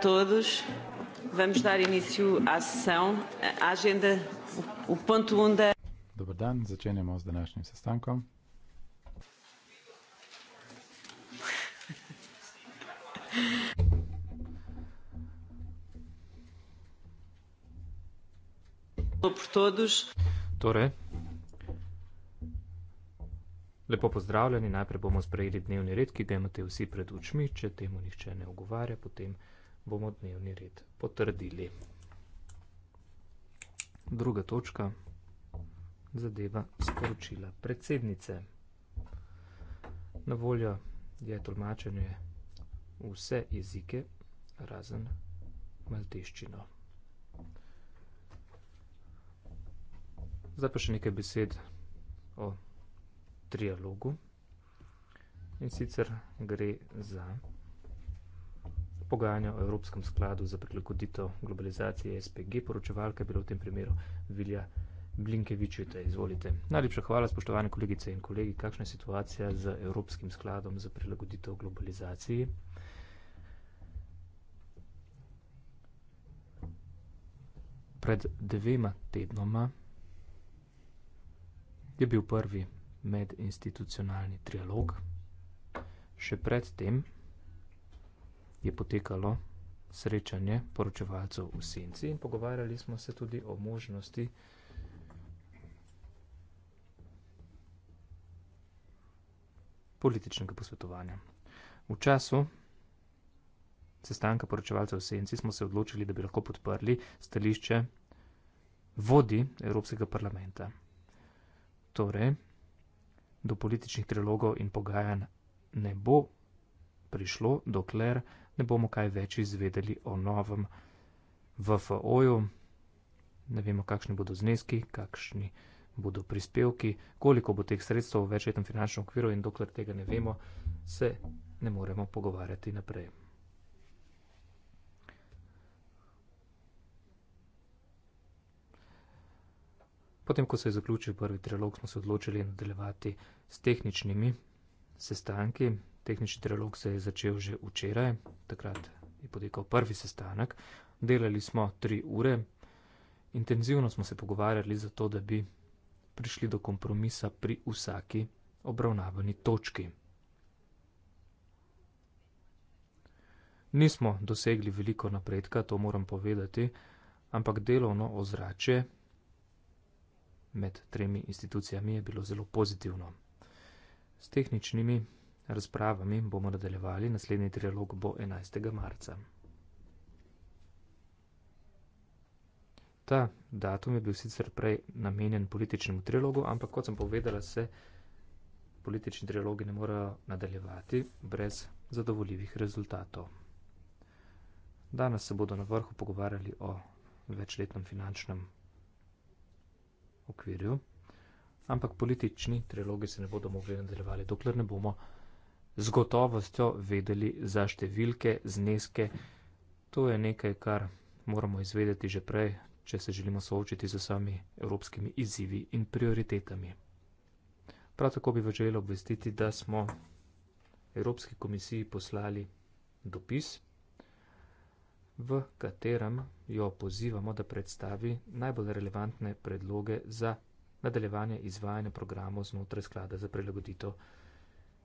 todos. Vamos dar início à sessão. A agenda, o ponto 1 um da. Dobro dan, začenjamo z današnjim sestankom. Torej, lepo pozdravljeni. Najprej bomo sprejeli dnevni red, ki ga imate vsi pred očmi. Če temu nihče ne ogovarja, potem bomo dnevni red potrdili. Druga točka zadeva sporočila predsednice. Na voljo je tolmačenje vse jezike, razen malteščino. Zdaj pa še nekaj besed o trialogu. In sicer gre za pogajanja o Evropskem skladu za prilagoditev globalizacije SPG. Poročevalka je bila v tem primeru Vilja Blinkevičita. Izvolite. Najlepša hvala, spoštovane kolegice in kolegi, kakšna je situacija z Evropskim skladom za prilagoditev globalizaciji. Pred dvema tednoma je bil prvi medinstitucionalni trialog, še predtem je potekalo srečanje poročevalcev v senci in pogovarjali smo se tudi o možnosti političnega posvetovanja. V času sestanka poročevalcev v senci smo se odločili, da bi lahko podprli stališče vodi Evropskega parlamenta. Torej, do političnih trilogov in pogajanj ne bo prišlo, dokler ne bomo kaj več izvedeli o novem VFO-ju, ne vemo, kakšni bodo zneski, kakšni bodo prispevki, koliko bo teh sredstev v večletnem finančnem okviru in dokler tega ne vemo, se ne moremo pogovarjati naprej. Potem, ko se je zaključil prvi trilog, smo se odločili nadaljevati s tehničnimi sestanki, Tehnični trilog se je začel že včeraj, takrat je potekal prvi sestanek. Delali smo tri ure, intenzivno smo se pogovarjali za to, da bi prišli do kompromisa pri vsaki obravnavani točki. Nismo dosegli veliko napredka, to moram povedati, ampak delovno ozračje med tremi institucijami je bilo zelo pozitivno. S tehničnimi razpravami bomo nadaljevali, naslednji trilog bo 11. marca. Ta datum je bil sicer prej namenjen političnemu trilogu, ampak kot sem povedala, se politični trilogi ne morejo nadaljevati brez zadovoljivih rezultatov. Danes se bodo na vrhu pogovarjali o večletnem finančnem okvirju, ampak politični trilogi se ne bodo mogli nadaljevati, dokler ne bomo z gotovostjo vedeli za številke, zneske. To je nekaj, kar moramo izvedeti že prej, če se želimo soočiti z vsemi evropskimi izzivi in prioritetami. Prav tako bi vas želel obvestiti, da smo Evropski komisiji poslali dopis, v katerem jo pozivamo, da predstavi najbolj relevantne predloge za nadaljevanje izvajanja programov znotraj sklada za prilagoditev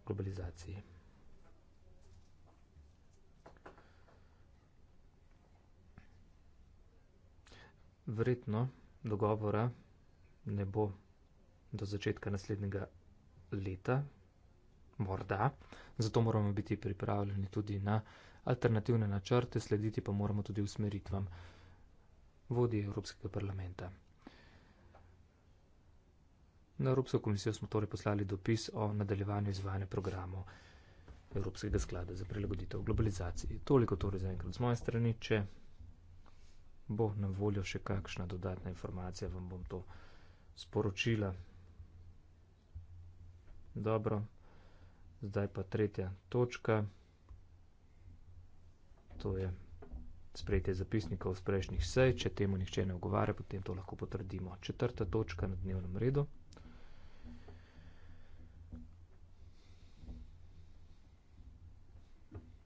глобализации. Verjetno dogovora ne bo do začetka naslednjega leta, morda, zato moramo biti pripravljeni tudi na alternativne načrte, slediti pa moramo tudi usmeritvam vodje Evropskega parlamenta. Na Evropsko komisijo smo torej poslali dopis o nadaljevanju izvajanja programov Evropskega sklada za prilagoditev globalizaciji. Toliko torej za enkrat z moje strani. Če bo na voljo še kakšna dodatna informacija, vam bom to sporočila. Dobro, zdaj pa tretja točka. To je sprejetje zapisnikov z prejšnjih sej. Če temu nihče ne ogovarja, potem to lahko potrdimo. Četrta točka na dnevnem redu.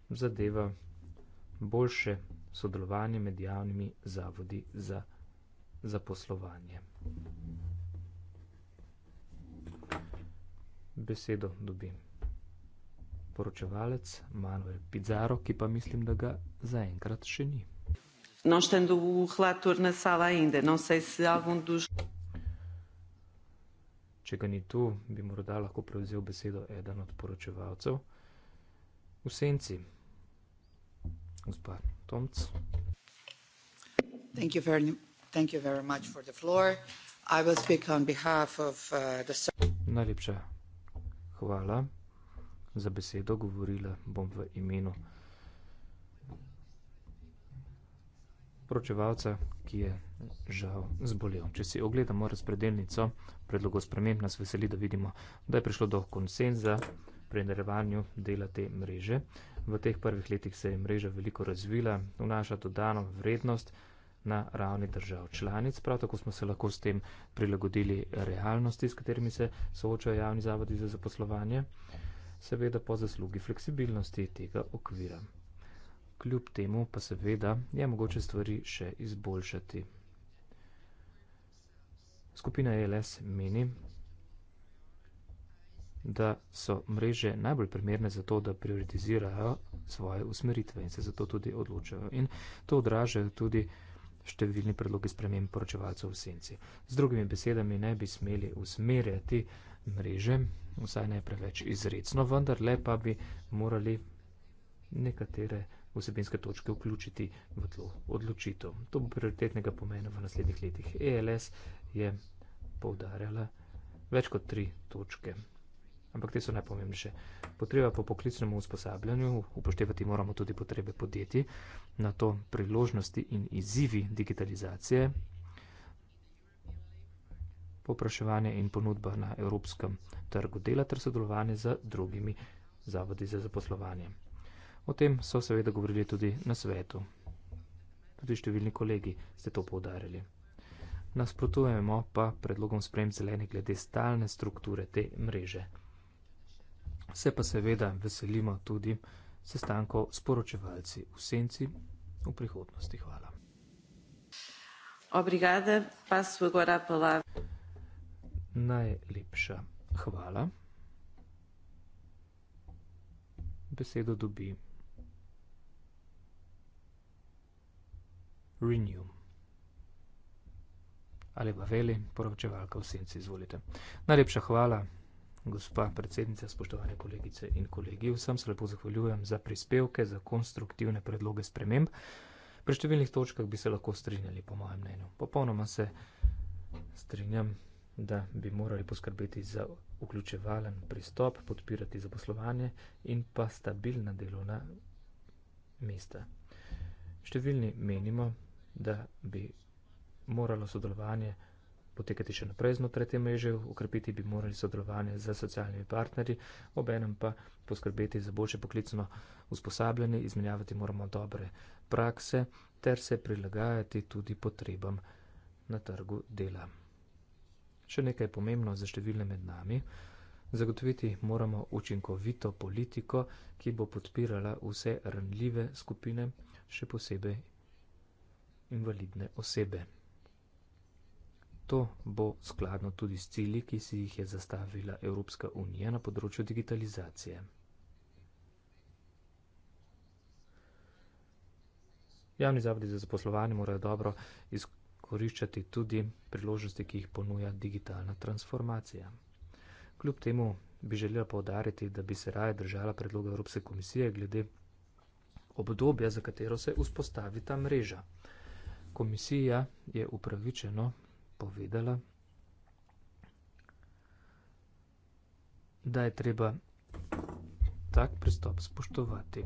zadeva boljše sodelovanje med javnimi zavodi za zaposlovanje. Besedo dobim poročevalec Manuel Pizarro, ki pa mislim, da ga zaenkrat še ni. Če ga ni tu, bi morda lahko prevzel besedo eden od poročevalcev. V senci gospa Tomc. Thank you very, thank you very much for the floor. I will speak on behalf of uh, the... Najlepša hvala za besedo. Govorila bom v imenu pročevalca, ki je žal zbolel. Če si ogledamo razpredelnico predlogov sprememb, nas veseli, da vidimo, da je prišlo do konsenza pri nerevanju dela te mreže. V teh prvih letih se je mreža veliko razvila, vnaša dodano vrednost na ravni držav članic. Prav tako smo se lahko s tem prilagodili realnosti, s katerimi se soočajo javni zavodi za zaposlovanje, seveda po zaslugi fleksibilnosti tega okvira. Kljub temu pa seveda je mogoče stvari še izboljšati. Skupina ELS meni, da so mreže najbolj primerne za to, da prioritizirajo svoje usmeritve in se zato tudi odločajo. In to odražajo tudi številni predlogi sprememb poročevalcev v senci. Z drugimi besedami ne bi smeli usmerjati mreže, vsaj ne preveč izredno, vendar le pa bi morali nekatere vsebinske točke vključiti v to odločitev. To bo prioritetnega pomena v naslednjih letih. ELS je poudarjala več kot tri točke ampak te so najpomembnejše. Potreba po poklicnem usposabljanju, upoštevati moramo tudi potrebe podjetij, na to priložnosti in izzivi digitalizacije, popraševanje in ponudba na evropskem trgu dela ter sodelovanje z drugimi zavodi za zaposlovanje. O tem so seveda govorili tudi na svetu. Tudi številni kolegi ste to povdarjali. Nasprotujemo pa predlogom sprem zelene glede stalne strukture te mreže. Se pa seveda veselimo tudi sestankov s poročevalci v senci v prihodnosti. Hvala. Najlepša hvala. Besedo dobi Renew. Ali Vaveli, poročevalka v senci, izvolite. Najlepša hvala gospa predsednica, spoštovane kolegice in kolegi. Vsem se lepo zahvaljujem za prispevke, za konstruktivne predloge sprememb. Pri številnih točkah bi se lahko strinjali, po mojem mnenju. Popolnoma se strinjam, da bi morali poskrbeti za vključevalen pristop, podpirati zaposlovanje in pa stabilna delovna mesta. Številni menimo, da bi moralo sodelovanje potekati še naprej znotraj te mreže, ukrepiti bi morali sodelovanje z socialnimi partnerji, obenem pa poskrbeti za boljše poklicno usposabljanje, izmenjavati moramo dobre prakse ter se prilagajati tudi potrebam na trgu dela. Še nekaj je pomembno za številne med nami. Zagotoviti moramo učinkovito politiko, ki bo podpirala vse ranljive skupine, še posebej invalidne osebe. To bo skladno tudi s cilji, ki si jih je zastavila Evropska unija na področju digitalizacije. Javni zavodi za zaposlovanje morajo dobro izkoriščati tudi priložnosti, ki jih ponuja digitalna transformacija. Kljub temu bi želela povdariti, da bi se raje držala predloga Evropske komisije glede obdobja, za katero se vzpostavi ta mreža. Komisija je upravičeno povedala, da je treba tak pristop spoštovati.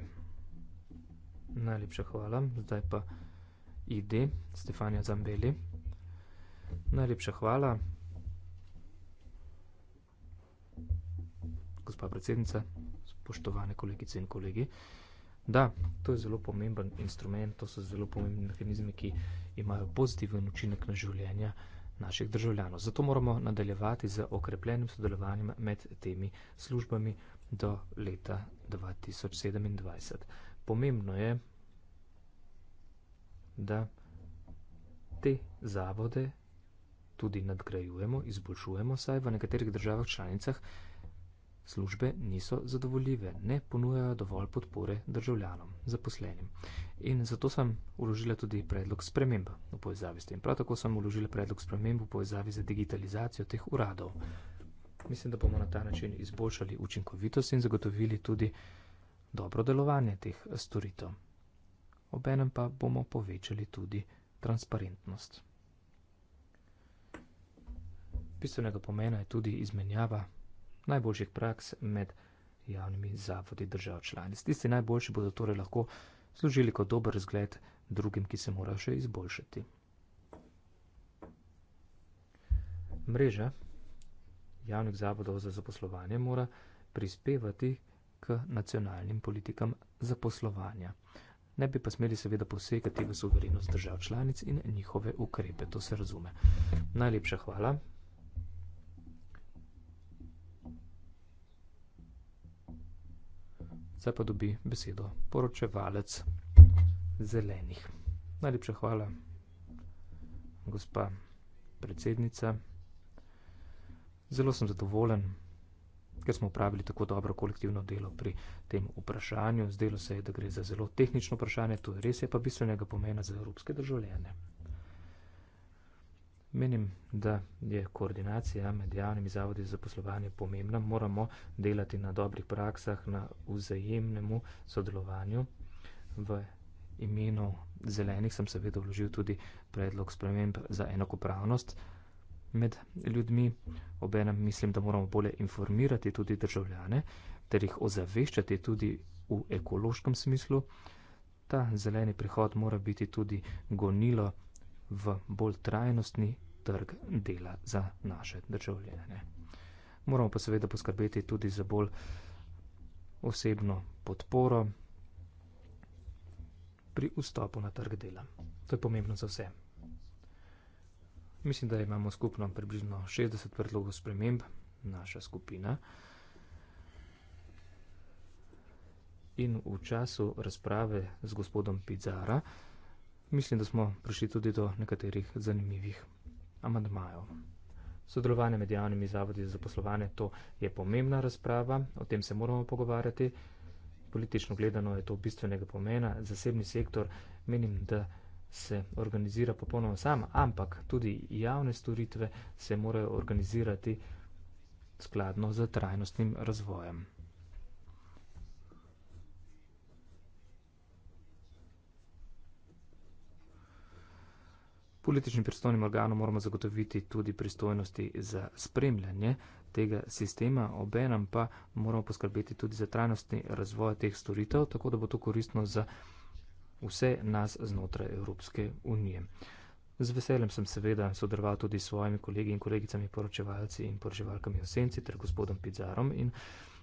Najlepša hvala, zdaj pa idi, Stefania Zambeli. Najlepša hvala, gospa predsednica, spoštovane kolegice in kolegi. Da, to je zelo pomemben instrument, to so zelo pomembni mehanizmi, ki imajo pozitiven učinek na življenje naših državljanov. Zato moramo nadaljevati z okrepljenim sodelovanjem med temi službami do leta 2027. Pomembno je, da te zavode tudi nadgrajujemo, izboljšujemo, saj v nekaterih državah članicah službe niso zadovoljive, ne ponujajo dovolj podpore državljanom, zaposlenim. In zato sem uložila tudi predlog sprememb v povezavi s tem. Prav tako sem uložila predlog sprememb v povezavi za digitalizacijo teh uradov. Mislim, da bomo na ta način izboljšali učinkovitost in zagotovili tudi dobro delovanje teh storitev. Obenem pa bomo povečali tudi transparentnost. Pisanega pomena je tudi izmenjava najboljših praks med javnimi zavodi držav članic. Tisti najboljši bodo torej lahko služili kot dober zgled drugim, ki se morajo še izboljšati. Mreža javnih zavodov za zaposlovanje mora prispevati k nacionalnim politikam zaposlovanja. Ne bi pa smeli seveda posegati v soverenost držav članic in njihove ukrepe, to se razume. Najlepša hvala. Zdaj pa dobi besedo poročevalec zelenih. Najlepša hvala, gospa predsednica. Zelo sem zadovoljen, ker smo upravili tako dobro kolektivno delo pri tem vprašanju. Zdelo se je, da gre za zelo tehnično vprašanje, to je res je pa bistvenega pomena za evropske državljane. Menim, da je koordinacija med javnimi zavodi za poslovanje pomembna. Moramo delati na dobrih praksah, na vzajemnemu sodelovanju. V imenu zelenih sem seveda vložil tudi predlog sprememb za enakopravnost med ljudmi. Obenem mislim, da moramo bolje informirati tudi državljane ter jih ozaveščati tudi v ekološkem smislu. Ta zeleni prihod mora biti tudi gonilo v bolj trajnostni trg dela za naše državljane. Moramo pa seveda poskrbeti tudi za bolj osebno podporo pri vstopu na trg dela. To je pomembno za vse. Mislim, da imamo skupno približno 60 predlogov sprememb, naša skupina. In v času razprave z gospodom Pizara, mislim, da smo prišli tudi do nekaterih zanimivih amadmajev. Sodelovanje med javnimi zavodi za poslovanje, to je pomembna razprava, o tem se moramo pogovarjati. Politično gledano je to bistvenega pomena. Zasebni sektor menim, da se organizira popolnoma sam, ampak tudi javne storitve se morajo organizirati skladno z trajnostnim razvojem. Političnim predstavnim organom moramo zagotoviti tudi pristojnosti za spremljanje tega sistema, obenem pa moramo poskrbeti tudi za trajnostni razvoj teh storitev, tako da bo to koristno za vse nas znotraj Evropske unije. Z veseljem sem seveda sodeloval tudi s svojimi kolegi in kolegicami poročevalci in poročevalkami v senci ter gospodom Pizarom in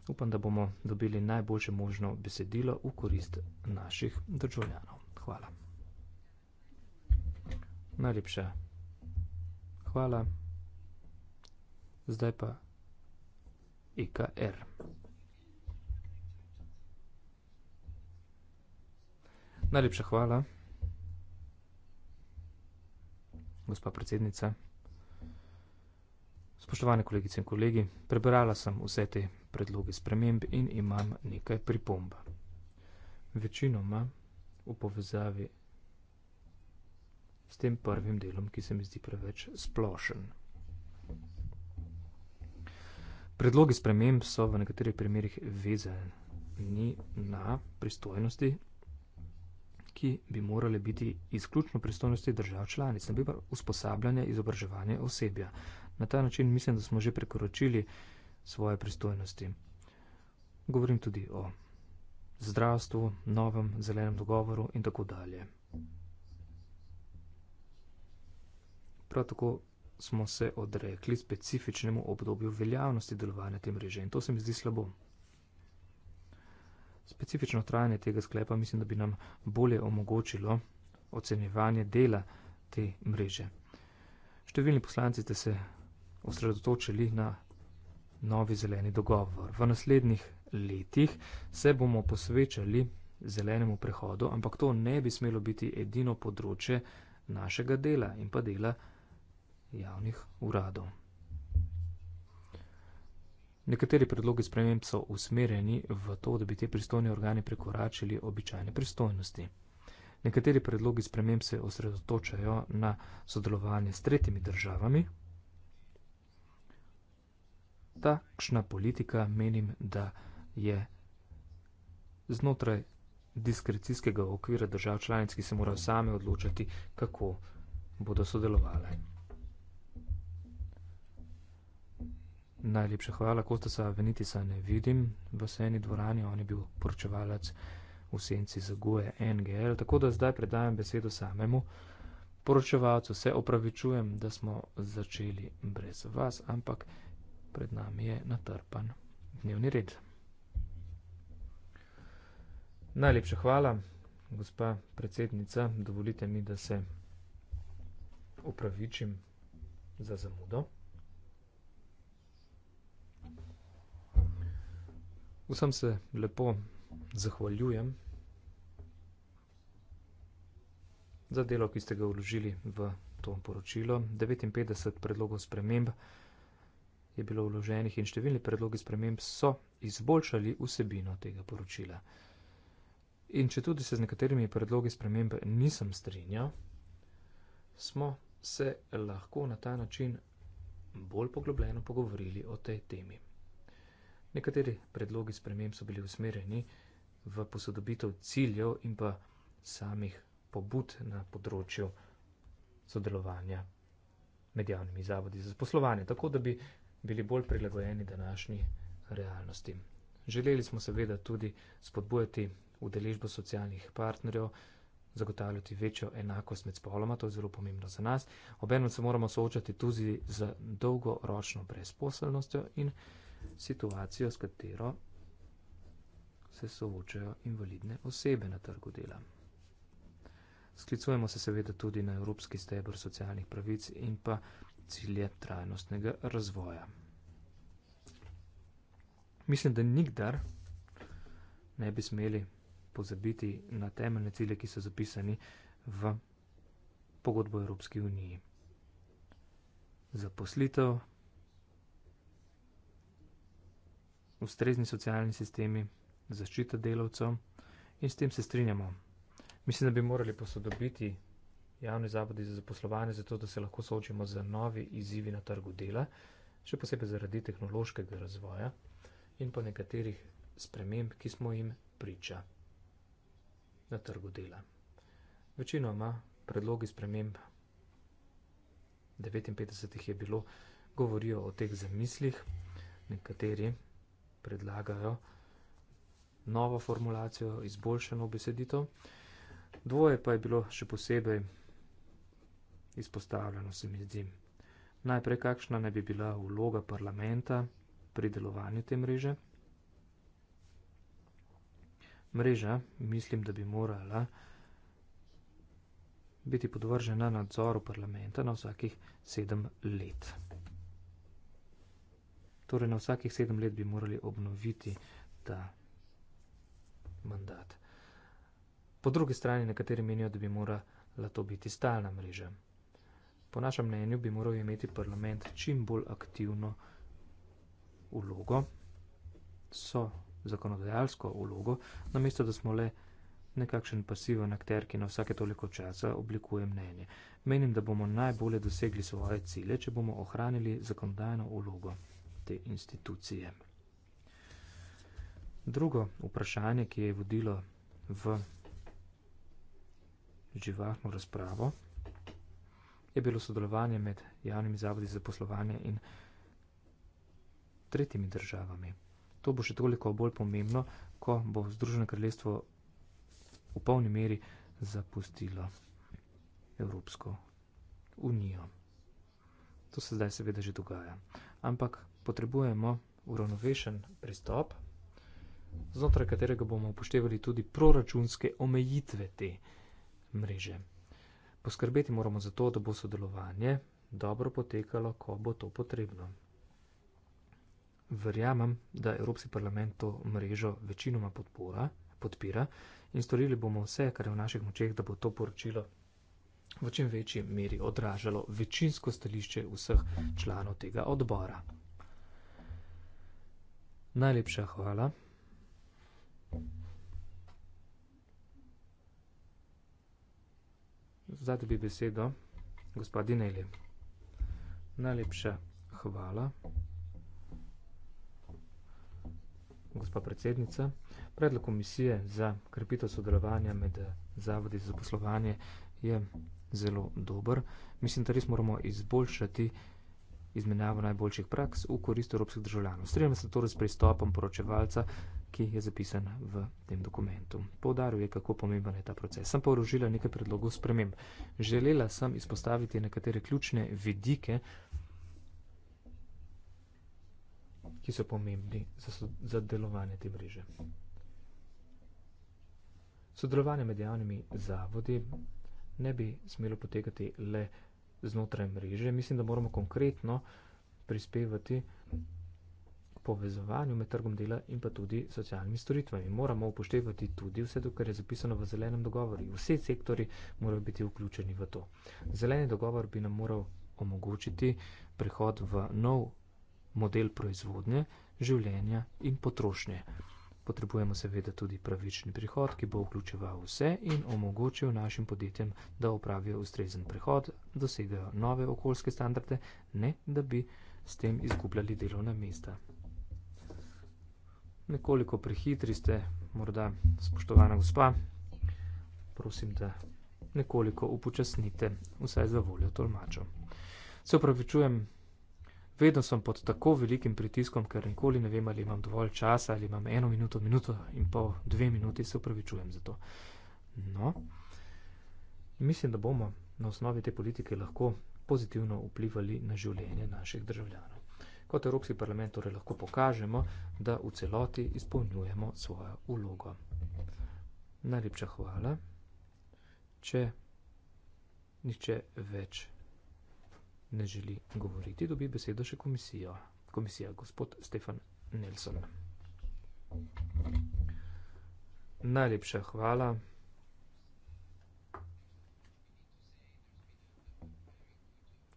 upam, da bomo dobili najboljše možno besedilo v korist naših državljanov. Hvala. Najlepša. Hvala. Zdaj pa IKR. E Najlepša hvala, gospa predsednica. Spoštovane kolegice in kolegi, prebrala sem vse te predloge sprememb in imam nekaj pripomb. Večinoma v povezavi s tem prvim delom, ki se mi zdi preveč splošen. Predlogi sprememb so v nekaterih primerjih vezani na pristojnosti, ki bi morale biti izključno pristojnosti držav članic, ne bi pa usposabljanje, izobraževanje osebja. Na ta način mislim, da smo že prekoračili svoje pristojnosti. Govorim tudi o zdravstvu, novem zelenem dogovoru in tako dalje. Prav tako smo se odrekli specifičnemu obdobju veljavnosti delovanja te mreže in to se mi zdi slabo. Specifično trajanje tega sklepa mislim, da bi nam bolje omogočilo ocenjevanje dela te mreže. Številni poslanci ste se osredotočili na novi zeleni dogovor. V naslednjih letih se bomo posvečali zelenemu prehodu, ampak to ne bi smelo biti edino področje našega dela in pa dela javnih uradov. Nekateri predlogi sprememb so usmerjeni v to, da bi te pristojne organe prekoračili običajne pristojnosti. Nekateri predlogi sprememb se osredotočajo na sodelovanje s tretjimi državami. Takšna politika menim, da je znotraj diskrecijskega okvira držav članic, ki se morajo same odločati, kako bodo sodelovali. Najlepša hvala, Kostasa Venitisa ne vidim v seni dvorani, on je bil poročevalec v senci zagoje NGL, tako da zdaj predajam besedo samemu poročevalcu. Se opravičujem, da smo začeli brez vas, ampak pred nami je natrpan dnevni red. Najlepša hvala, gospa predsednica, dovolite mi, da se opravičim za zamudo. Vsem se lepo zahvaljujem za delo, ki ste ga vložili v to poročilo. 59 predlogov sprememb je bilo vloženih in številni predlogi sprememb so izboljšali vsebino tega poročila. In če tudi se z nekaterimi predlogi sprememb nisem strinjal, smo se lahko na ta način bolj poglobljeno pogovorili o tej temi. Nekateri predlogi sprememb so bili usmerjeni v posodobitev ciljev in pa samih pobud na področju sodelovanja med javnimi zavodi za poslovanje, tako da bi bili bolj prilagojeni današnji realnosti. Želeli smo seveda tudi spodbujati udeležbo socialnih partnerjev, zagotavljati večjo enakost med spoloma, to je zelo pomembno za nas. Obenem se moramo soočati tudi z dolgoročno brezposelnostjo in situacijo, s katero se soočajo invalidne osebe na trgu dela. Sklicujemo se seveda tudi na Evropski stebr socialnih pravic in pa cilje trajnostnega razvoja. Mislim, da nikdar ne bi smeli pozabiti na temeljne cilje, ki so zapisani v pogodbo Evropski uniji. Zaposlitev, ustrezni socialni sistemi, zaščita delavcev in s tem se strinjamo. Mislim, da bi morali posodobiti javne zavode za zaposlovanje, zato da se lahko soočimo z novi izzivi na trgu dela, še posebej zaradi tehnološkega razvoja in pa nekaterih sprememb, ki smo jim priča na trgu dela. Večinoma predlogi sprememb, 59 jih je bilo, govorijo o teh zamislih, nekateri predlagajo novo formulacijo, izboljšano besedito. Dvoje pa je bilo še posebej izpostavljeno, se mi zdi. Najprej, kakšna ne bi bila vloga parlamenta pri delovanju te mreže? Mreža, mislim, da bi morala biti podvržena nadzoru parlamenta na vsakih sedem let. Torej, na vsakih sedem let bi morali obnoviti ta mandat. Po drugi strani, nekateri menijo, da bi morala to biti stalna mreža. Po našem mnenju bi moral imeti parlament čim bolj aktivno ulogo, so zakonodajalsko ulogo, namesto da smo le nekakšen pasiven akter, ki na vsake toliko časa oblikuje mnenje. Menim, da bomo najbolje dosegli svoje cilje, če bomo ohranili zakonodajno ulogo te institucije. Drugo vprašanje, ki je vodilo v živahno razpravo, je bilo sodelovanje med javnimi zavodi za poslovanje in tretjimi državami. To bo še toliko bolj pomembno, ko bo Združeno kraljestvo v polni meri zapustilo Evropsko unijo. To se zdaj seveda že dogaja ampak potrebujemo uravnovešen pristop, znotraj katerega bomo upoštevali tudi proračunske omejitve te mreže. Poskrbeti moramo za to, da bo sodelovanje dobro potekalo, ko bo to potrebno. Verjamem, da Evropski parlament to mrežo večinoma podpora, podpira in storili bomo vse, kar je v naših močeh, da bo to poročilo v čim večji meri odražalo večinsko stališče vseh članov tega odbora. Najlepša hvala. Zdaj bi besedo, gospodine Eli. Najlepša hvala. Gospa predsednica, predlog komisije za krepitev sodelovanja med zavodi za poslovanje je zelo dober. Mislim, da res moramo izboljšati izmenjavo najboljših praks v korist evropskih državljanov. Strenjam se torej s pristopom poročevalca, ki je zapisan v tem dokumentu. Povdaril je, kako pomemben je ta proces. Sem pa vložila nekaj predlogov sprememb. Želela sem izpostaviti nekatere ključne vidike, ki so pomembni za, za delovanje te mreže. Sodelovanje med javnimi zavodi ne bi smelo potekati le znotraj mreže. Mislim, da moramo konkretno prispevati povezovanju med trgom dela in pa tudi socialnimi storitvami. Moramo upoštevati tudi vse, kar je zapisano v zelenem dogovoru. Vse sektori morajo biti vključeni v to. Zeleni dogovor bi nam moral omogočiti prehod v nov model proizvodnje, življenja in potrošnje potrebujemo seveda tudi pravični prihod, ki bo vključeval vse in omogočil našim podjetjem, da upravijo ustrezen prihod, dosegajo nove okoljske standarde, ne da bi s tem izgubljali delovna mesta. Nekoliko prehitri ste, morda spoštovana gospa, prosim, da nekoliko upočasnite, vsaj za voljo tolmačo. Se upravičujem, Vedno sem pod tako velikim pritiskom, ker nikoli ne vem, ali imam dovolj časa, ali imam eno minuto, minuto in pol, dve minuti, se upravičujem za to. No, mislim, da bomo na osnovi te politike lahko pozitivno vplivali na življenje naših državljanov. Kot Evropski parlament torej lahko pokažemo, da v celoti izpolnjujemo svojo ulogo. Najlepša hvala. Če nihče več ne želi govoriti, dobi besedo še komisija. Komisija, gospod Stefan Nelson. Najlepša hvala.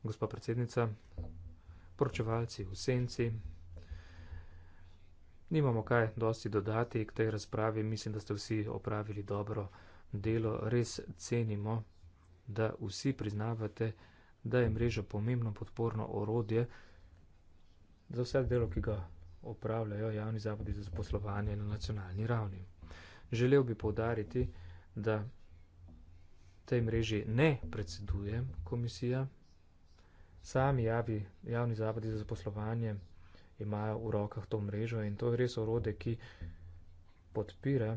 Gospa predsednica, poročevalci v senci, nimamo kaj dosti dodati k tej razpravi, mislim, da ste vsi opravili dobro delo, res cenimo, da vsi priznavate, da da je mreža pomembno podporno orodje za vse delo, ki ga opravljajo javni zavodi za zaposlovanje na nacionalni ravni. Želel bi povdariti, da tej mreži ne predseduje komisija. Sami javi, javni zavodi za zaposlovanje imajo v rokah to mrežo in to je res orode, ki podpira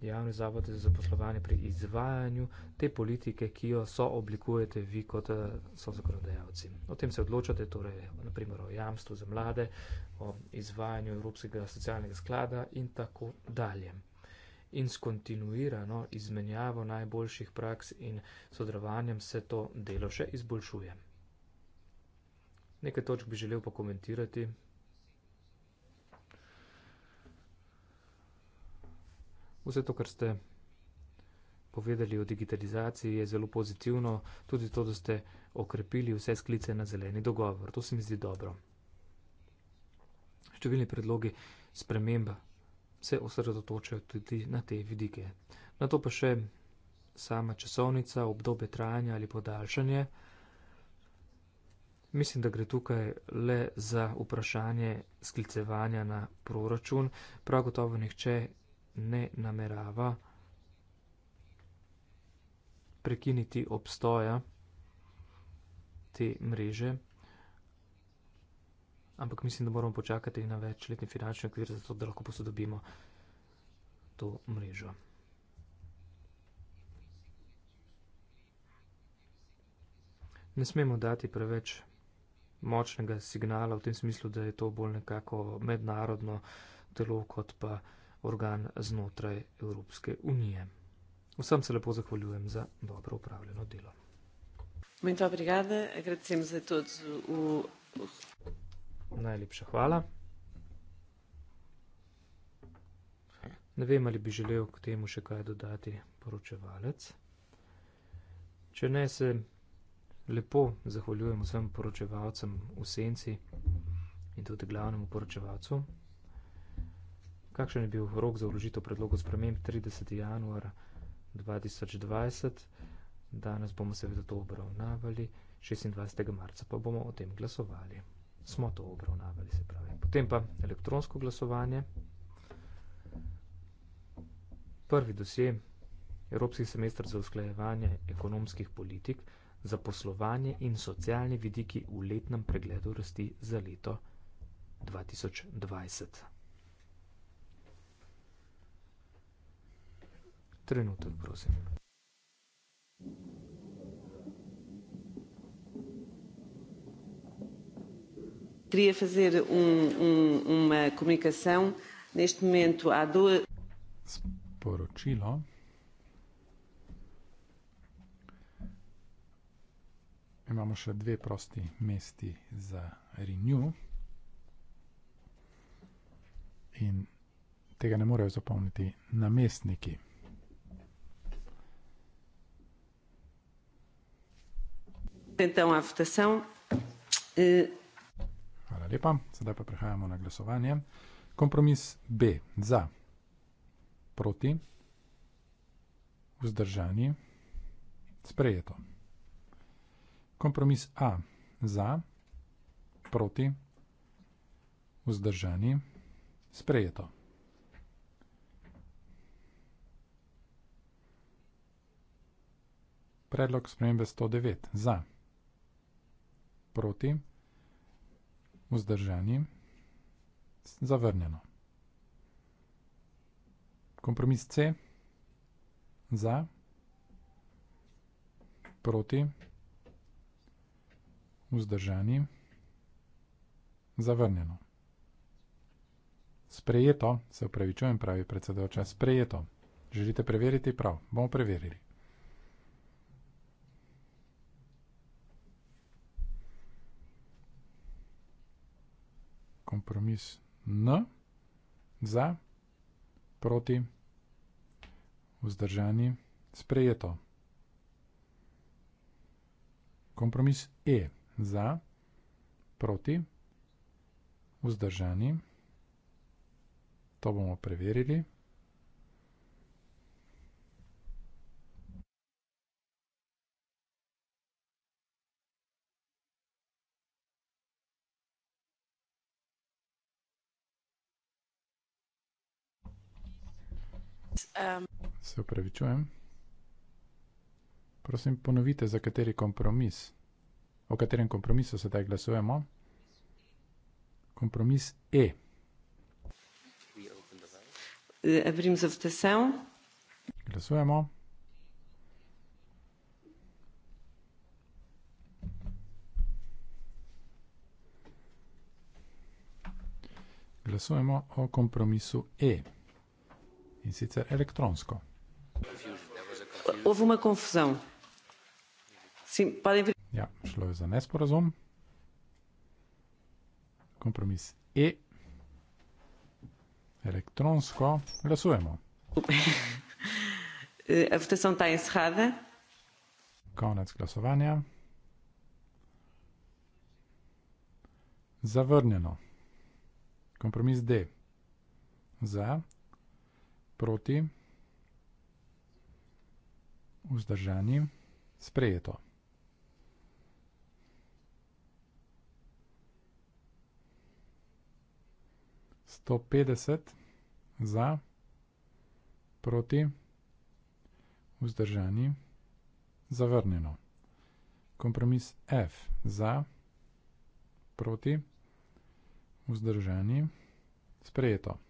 javni zavod za poslovanje pri izvajanju te politike, ki jo so oblikujete vi kot eh, so zakonodajalci. O tem se odločate, torej naprimer o jamstvu za mlade, o izvajanju Evropskega socialnega sklada in tako dalje. In s kontinuirano izmenjavo najboljših praks in sodelovanjem se to delo še izboljšuje. Nekaj točk bi želel pa komentirati, Vse to, kar ste povedali o digitalizaciji, je zelo pozitivno, tudi to, da ste okrepili vse sklice na zeleni dogovor. To se mi zdi dobro. Številni predlogi sprememb se osredotočajo tudi na te vidike. Na to pa še sama časovnica, obdobje trajanja ali podaljšanje. Mislim, da gre tukaj le za vprašanje sklicevanja na proračun. Prav gotovo nihče ne namerava prekiniti obstoja te mreže, ampak mislim, da moramo počakati na večletni finančni okvir, zato da lahko posodobimo to mrežo. Ne smemo dati preveč močnega signala v tem smislu, da je to bolj nekako mednarodno telo kot pa mreža organ znotraj Evropske unije. Vsem se lepo zahvaljujem za dobro upravljeno delo. Muito obrigada, agradecemos a todos o. Najlepša hvala. Ne vem, ali bi želel k temu še kaj dodati poročevalec. Če ne, se lepo zahvaljujem vsem poročevalcem v senci in tudi glavnemu poročevalcu, kakšen je bil rok za vložitev predlogov sprememb 30. januar 2020. Danes bomo seveda to obravnavali, 26. marca pa bomo o tem glasovali. Smo to obravnavali, se pravi. Potem pa elektronsko glasovanje. Prvi dosje, Evropski semestr za usklajevanje ekonomskih politik za poslovanje in socialni vidiki v letnem pregledu rasti za leto 2020. Trenutek, prosim. Queria fazer um, um, uma comunicação. Neste momento há duas. Porocilo. Imamo še dve prosti mesti za renew, in tega ne morejo zapolniti namestniki. então à votação. Uh... Hvala lepa. Sedaj pa prehajamo na glasovanje. Kompromis B za, proti, vzdržani, sprejeto. Kompromis A za, proti, vzdržani, sprejeto. Predlog spremembe 109 za proti, vzdržani, zavrnjeno. Kompromis C, za, proti, vzdržani, zavrnjeno. Sprejeto, se upravičujem, pravi predsedoča, sprejeto. Želite preveriti prav? Bomo preverili. kompromis N za, proti, vzdržani, sprejeto. Kompromis E za, proti, vzdržani, to bomo preverili. Um, Se upravičujem. Prosim, ponovite, za kateri kompromis, o katerem kompromisu sedaj glasujemo. Kompromis E. Uh, glasujemo. Glasujemo o kompromisu E in sicer elektronsko. Ja, šlo je za nesporazum. Kompromis E. Elektronsko glasujemo. Konec glasovanja. Zavrnjeno. Kompromis D. Za Proti. Vzdržani. Sprejeto. Sto petdeset. Za. Proti. Vzdržani. Zavrnjeno. Kompromis F. Za. Proti. Vzdržani. Sprejeto.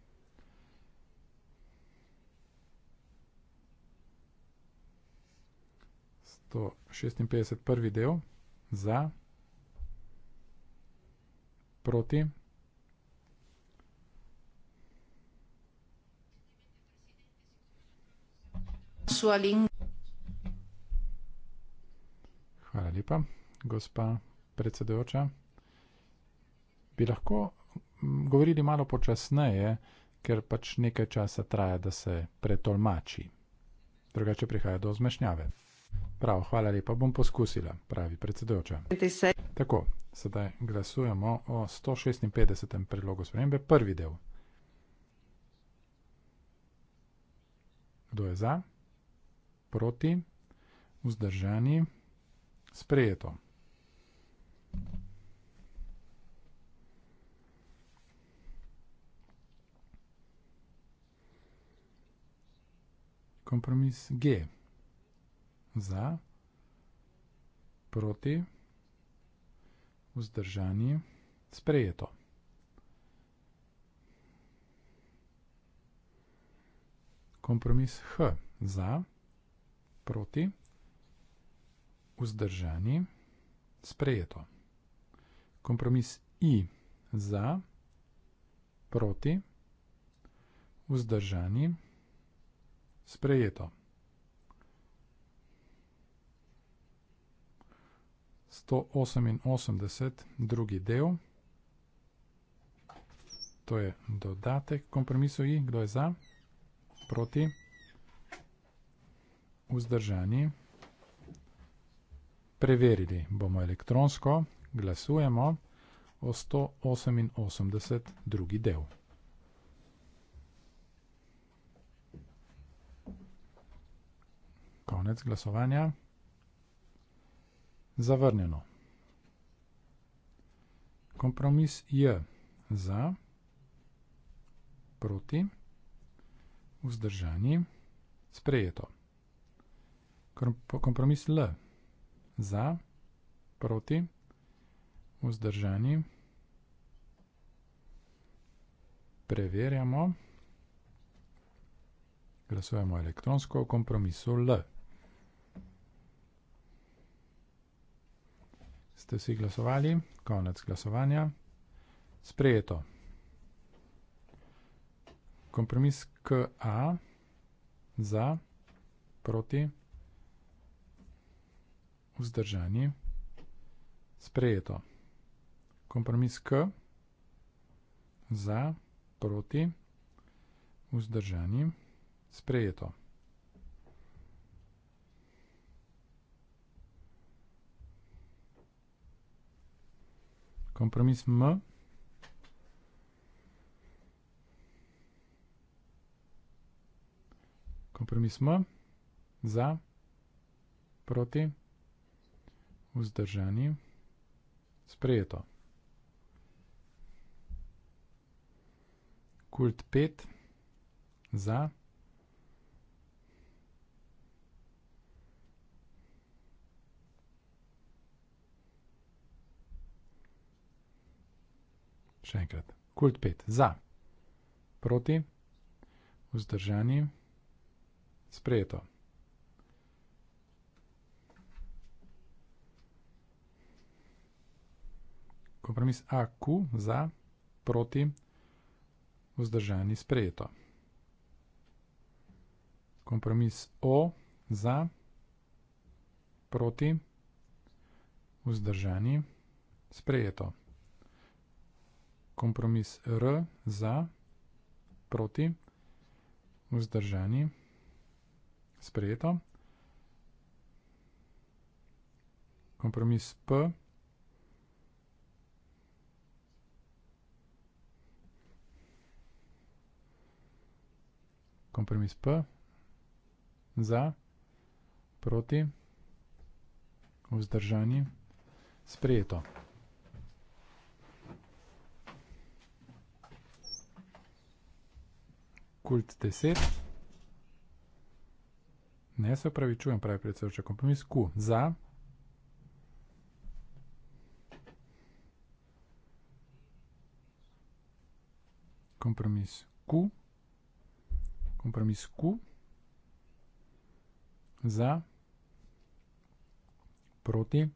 to 56 prvi del za, proti. Hvala lepa, gospa predsedujoča. Bi lahko govorili malo počasneje, ker pač nekaj časa traja, da se pretolmači. Drugače prihaja do zmešnjave. Prav, hvala lepa, bom poskusila, pravi predsedujoča. Tako, sedaj glasujemo o 156. predlogu spremembe, prvi del. Kdo je za, proti, vzdržani, sprejeto. Kompromis G za, proti, vzdržani, sprejeto. Kompromis H za, proti, vzdržani, sprejeto. Kompromis I za, proti, vzdržani, sprejeto. 188, drugi del. To je dodatek kompromisu I. Kdo je za? Proti? Vzdržani? Preverili bomo elektronsko. Glasujemo o 188, drugi del. Konec glasovanja. Zavrnjeno. Kompromis je za, proti, vzdržanji, sprejeto. Kompromis L za, proti, vzdržanji, preverjamo, glasujemo elektronsko v kompromisu L. Ste vsi glasovali? Konec glasovanja. Sprejeto. Kompromis KA za, proti, vzdržani. Sprejeto. Kompromis K za, proti, vzdržani. Sprejeto. kompromis M. Kompromis M za, proti, vzdržani, sprejeto. Kult 5 za, proti, vzdržani. Še enkrat. Kult 5. Za. Proti. Vzdržani. Sprejeto. Kompromis AQ za, proti, vzdržani, sprejeto. Kompromis O za, proti, vzdržani, sprejeto kompromis R za, proti, vzdržani, sprejeto. Kompromis P, kompromis P, za, proti, vzdržani, sprejeto. kult 10. Ne se upravičujem, pravi predsedujoča kompromis. Q za. Kompromis Q. Kompromis Q. Za. Proti.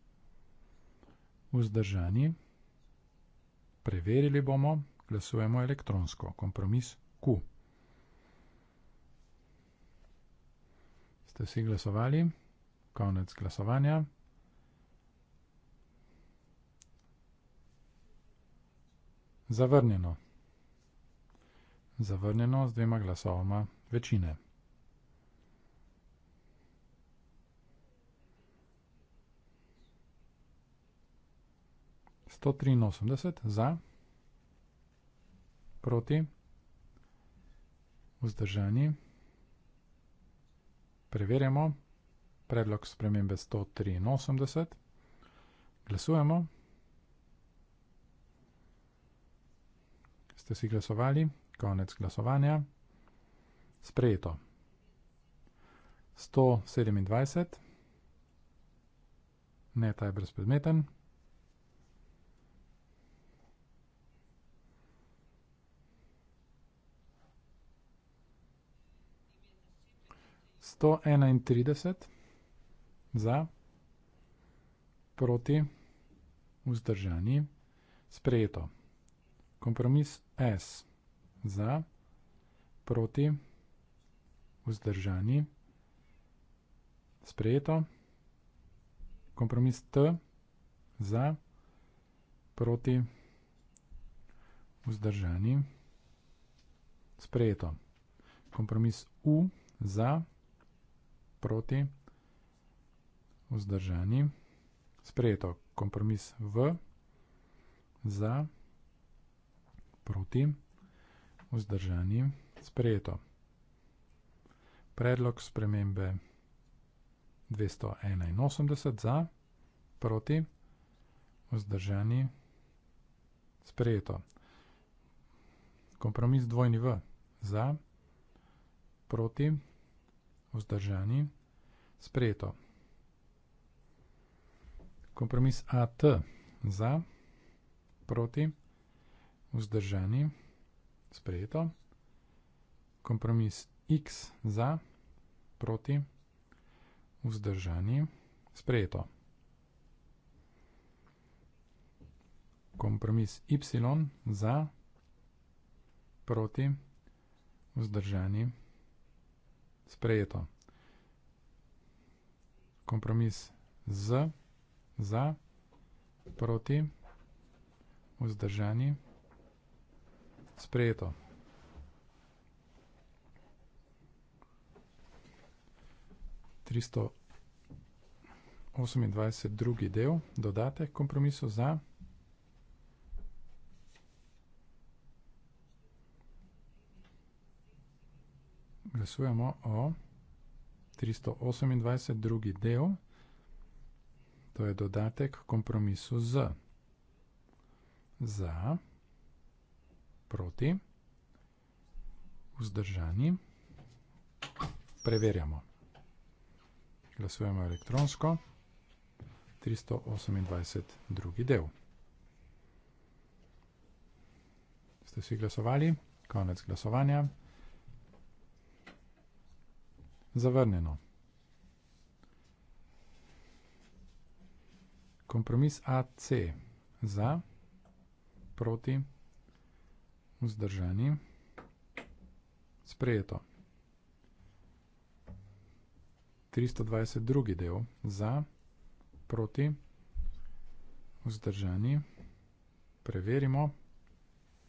Vzdržani. Preverili bomo. Glasujemo elektronsko. Kompromis Q. Cool. ste vsi glasovali, konec glasovanja. Zavrnjeno. Zavrnjeno z dvema glasovoma večine. Sto triinosemdeset za, proti, vzdržani. Preverjamo. Predlog spremembe 183. Glasujemo. Ste si glasovali? Konec glasovanja. Sprejeto. 127. Ne, ta je brezpredmeten. 131 za, proti, vzdržani, sprejeto. Kompromis S za, proti, vzdržani, sprejeto. Kompromis T za, proti, vzdržani, sprejeto. Kompromis U za, proti, vzdržani, sprejeto proti, vzdržani, sprejeto, kompromis v, za, proti, vzdržani, sprejeto. Predlog spremembe 281 za, proti, vzdržani, sprejeto. Kompromis dvojni v, za, proti, vzdržani, sprejeto vzdržani, sprejeto. Kompromis AT za, proti, vzdržani, sprejeto. Kompromis X za, proti, vzdržani, sprejeto. Kompromis Y za, proti, vzdržani, sprejeto sprejeto. Kompromis z, za, proti, vzdržani, sprejeto. Tristo osemindvajset drugi del dodatek kompromisu za. glasujemo o 328. drugi del, to je dodatek kompromisu z. Za, proti, vzdržani, preverjamo. Glasujemo elektronsko, 328. drugi del. Ste si glasovali? Konec glasovanja. Zavrnjeno. Kompromis AC za, proti, vzdržani, sprejeto. 320 drugi del za, proti, vzdržani, preverimo,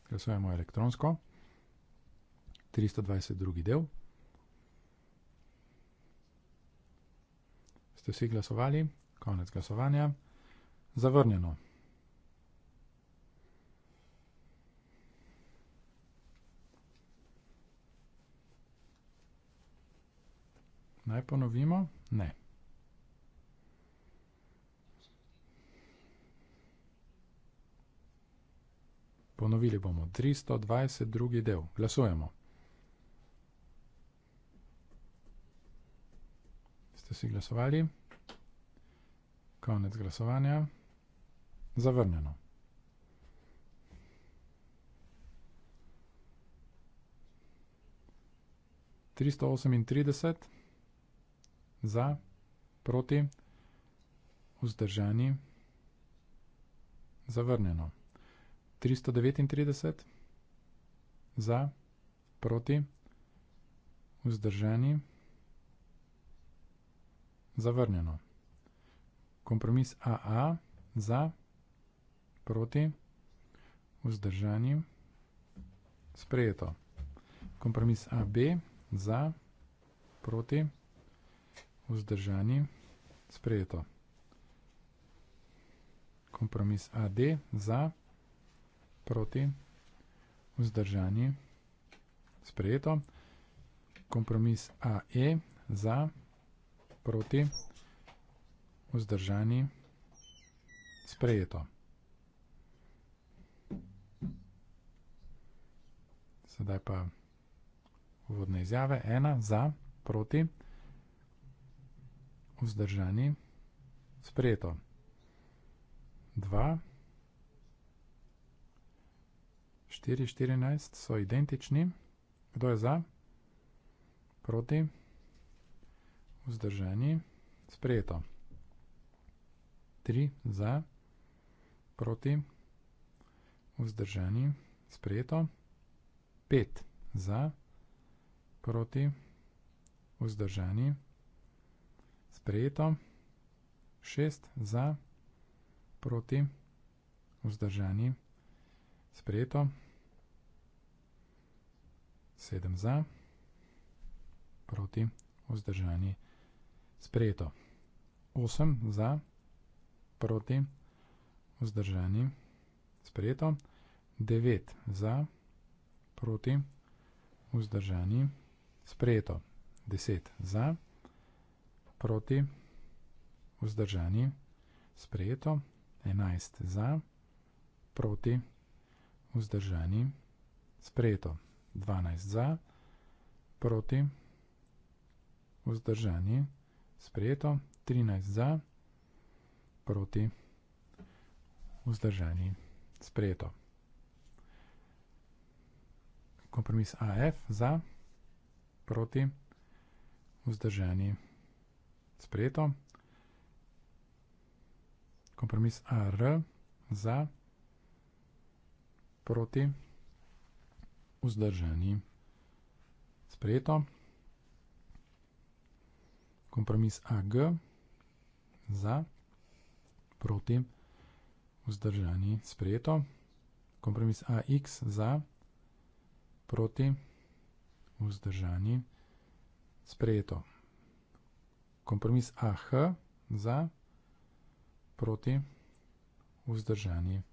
glasujemo elektronsko, 322 drugi del, Ste vsi glasovali? Konec glasovanja. Zavrnjeno. Naj ponovimo? Ne. Ponovili bomo 320 drugi del. Glasujemo. ste si glasovali. Konec glasovanja. Zavrnjeno. Tristo osemintrideset za, proti, vzdržani, zavrnjeno. Tristo devetintrideset za, proti, vzdržani, zavrnjeno. Zavrnjeno. Kompromis AA za, proti, vzdržani, sprejeto. Kompromis AB za, proti, vzdržani, sprejeto. Kompromis AD za, proti, vzdržani, sprejeto. Kompromis AE za, proti, vzdržani, sprejeto proti, vzdržani, sprejeto. Sedaj pa uvodne izjave. Ena za, proti, vzdržani, sprejeto. Dva, štiri, štirinajst so identični. Kdo je za? Proti vzdržani, sprejeto. Tri za, proti, vzdržani, sprejeto. Pet za, proti, vzdržani, sprejeto. Šest za, proti, vzdržani, sprejeto. Sedem za, proti, vzdržani, sprejeto. Sprejeto. 8 za, proti, vzdržani. Sprejeto. 9 za, proti, vzdržani. Sprejeto. 10 za, proti, vzdržani. Sprejeto. 11 za, proti, vzdržani. Sprejeto. 12 za, proti, vzdržani. Sprejeto, 13 za, proti, vzdržani, sprejeto. Kompromis AF za, proti, vzdržani, sprejeto. Kompromis AR za, proti, vzdržani, sprejeto kompromis AG za, proti, vzdržani, sprejeto, kompromis AX za, proti, vzdržani, sprejeto, kompromis AH za, proti, vzdržani,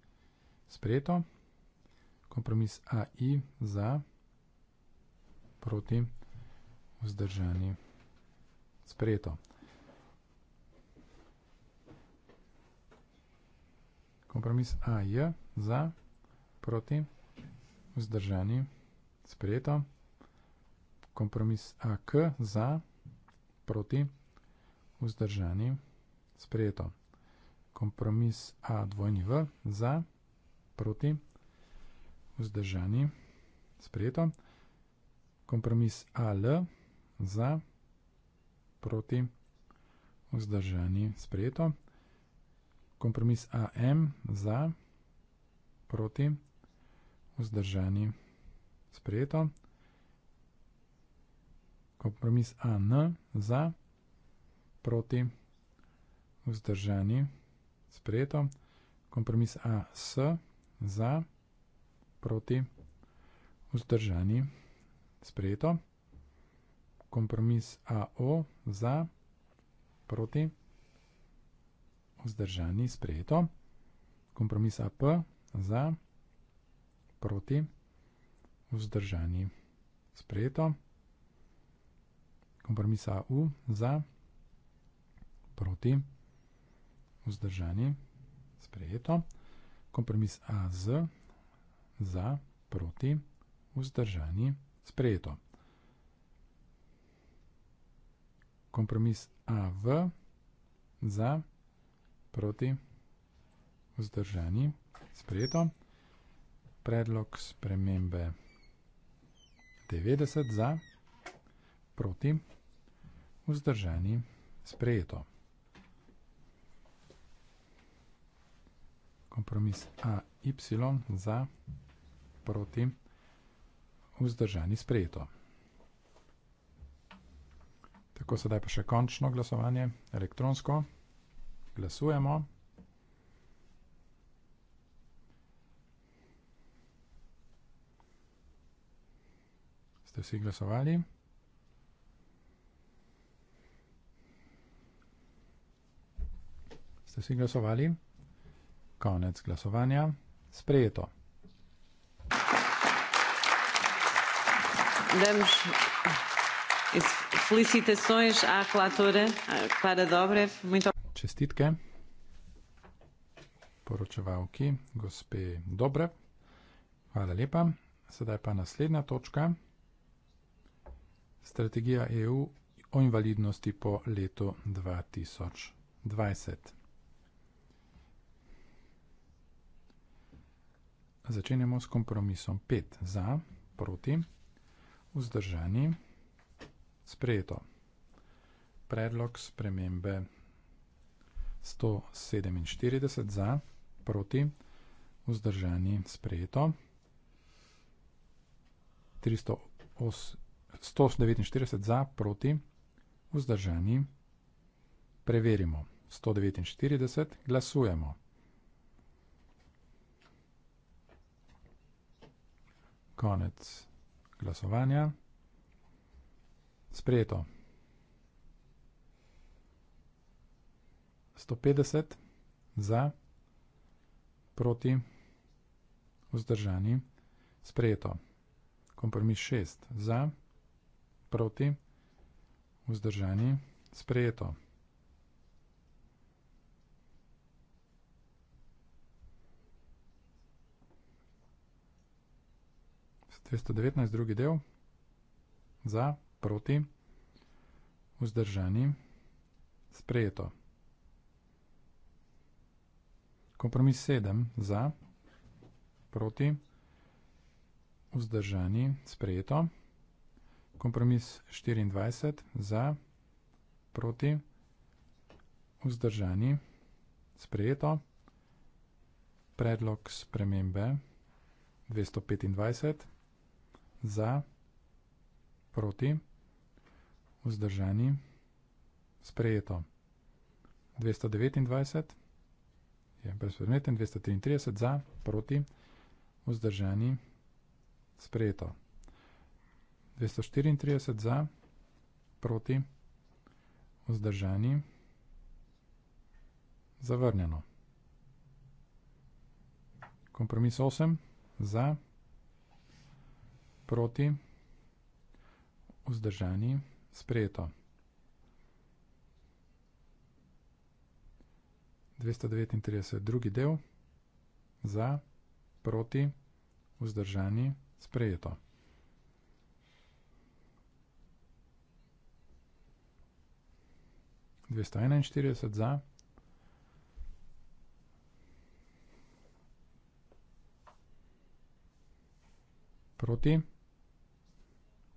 sprejeto, kompromis AI za, proti, vzdržani, sprejeto sprejeto. Kompromis A je za, proti, vzdržani, sprejeto. Kompromis A k za, proti, vzdržani, sprejeto. Kompromis A dvojni v za, proti, vzdržani, sprejeto. Kompromis A l za, proti, vzdržani, sprejeto proti, vzdržani, sprejeto. Kompromis AM za, proti, vzdržani, sprejeto. Kompromis AN za, proti, vzdržani, sprejeto. Kompromis AS za, proti, vzdržani, sprejeto kompromis AO za, proti, vzdržani, sprejeto. Kompromis AP za, proti, vzdržani, sprejeto. Kompromis AU za, proti, vzdržani, sprejeto. Kompromis AZ za, proti, vzdržani, sprejeto. kompromis A v za proti vzdržani sprejeto. Predlog spremembe 90 za proti vzdržani sprejeto. Kompromis A y za proti vzdržani sprejeto. Tako sedaj pa še končno glasovanje, elektronsko. Glasujemo. Ste vsi glasovali? Ste vsi glasovali? Konec glasovanja. Sprejeto. Demš. Felicitações à relatora Clara Dobrev. Muito obrigada. Poročevalki, gospe Dobre, hvala lepa. Sedaj pa naslednja točka. Strategija EU o invalidnosti po letu 2020. Začenjamo s kompromisom 5 za, proti, vzdržani sprejeto. Predlog spremembe 147 za, proti, vzdržani sprejeto. 149 za, proti, vzdržani. Preverimo. 149 glasujemo. Konec glasovanja. Sprejeto. 150 za, proti, vzdržani. Sprejeto. Kompromis 6 za, proti, vzdržani. Sprejeto. Dvesto devetnajst drugi del za. Proti. Vzdržani. Sprejeto. Kompromis sedem. Za. Proti. Vzdržani. Sprejeto. Kompromis 24. Za. Proti. Vzdržani. Sprejeto. Predlog spremembe 225. Za. Proti. Proti. Vzdržani. Sprejeto. 229 je brezpredmeten, 233 za, proti, vzdržani, sprejeto. 234 za, proti, vzdržani, zavrnjeno. Kompromis 8 za, proti, vzdržani. Vzdržani. Sprejeto. 239. drugi del. Za. Proti. Vzdržani. Sprejeto. Dvesto enainštirideset za. Proti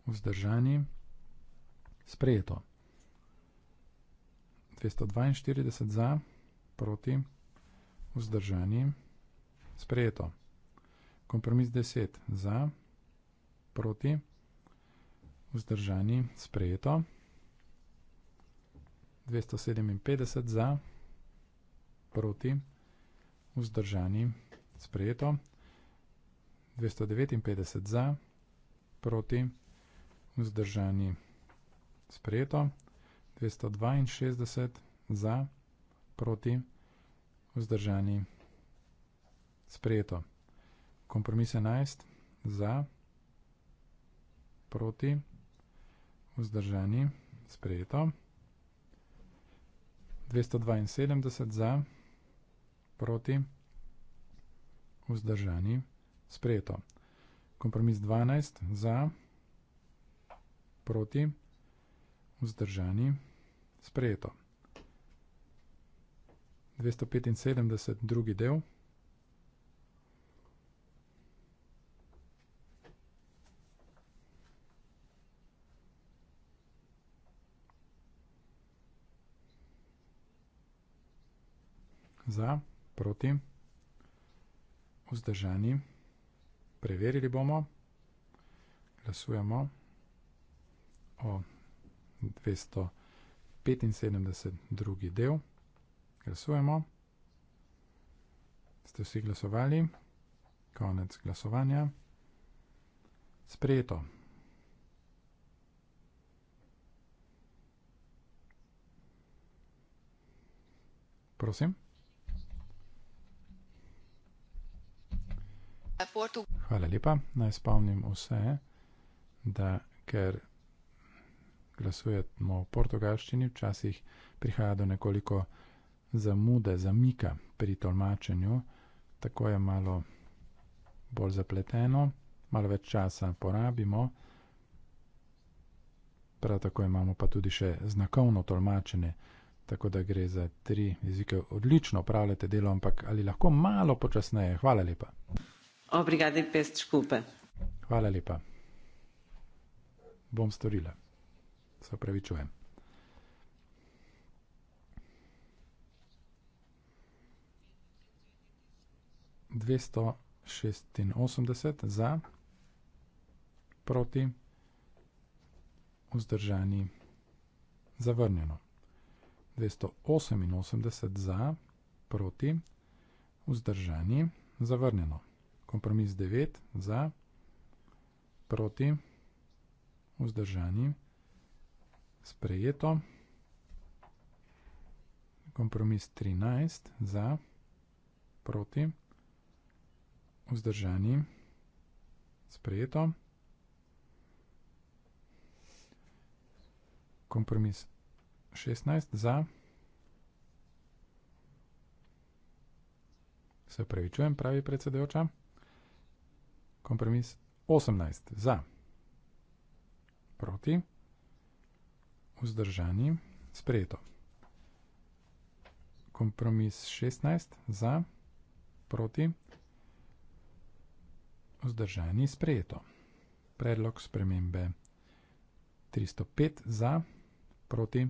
vzdržani, sprejeto. 242 za, proti, vzdržani, sprejeto. Kompromis 10 za, proti, vzdržani, sprejeto. 257 za, proti, vzdržani, sprejeto. 259 za, proti, vzdržani, sprejeto vzdržani. Sprejeto 262 za, proti vzdržani. Sprejeto. Kompromis 11 za, proti vzdržani. Sprejeto. 272 za, proti vzdržani. Sprejeto. Kompromis 12 za, proti vzdržani proti, vzdržani, sprejeto. 275, drugi del. Za, proti, vzdržani, preverili bomo, glasujemo o 275. drugi del. Glasujemo. Ste vsi glasovali? Konec glasovanja. Sprejeto. Prosim. Hvala lepa. Naj spomnim vse, da ker glasujemo v portugalščini, včasih prihaja do nekoliko zamude, zamika pri tolmačenju, tako je malo bolj zapleteno, malo več časa porabimo. Prav tako imamo pa tudi še znakovno tolmačenje, tako da gre za tri jezike. Odlično upravljate delo, ampak ali lahko malo počasneje? Hvala lepa. Obrigada, e pest skupaj. Hvala lepa. Bom storila se pravi čujem. Dvesto šestinosemdeset za, proti, vzdržani, zavrnjeno. Dvesto oseminosemdeset za, proti, vzdržani, zavrnjeno. Kompromis devet za, proti, vzdržani, zavrnjeno sprejeto. Kompromis 13 za, proti, vzdržani, sprejeto. Kompromis 16 za, se pravi, čujem, pravi predsedujoča. Kompromis 18 za, proti, vzdržani vzdržani, sprejeto. Kompromis 16 za, proti, vzdržani, sprejeto. Predlog spremembe 305 za, proti,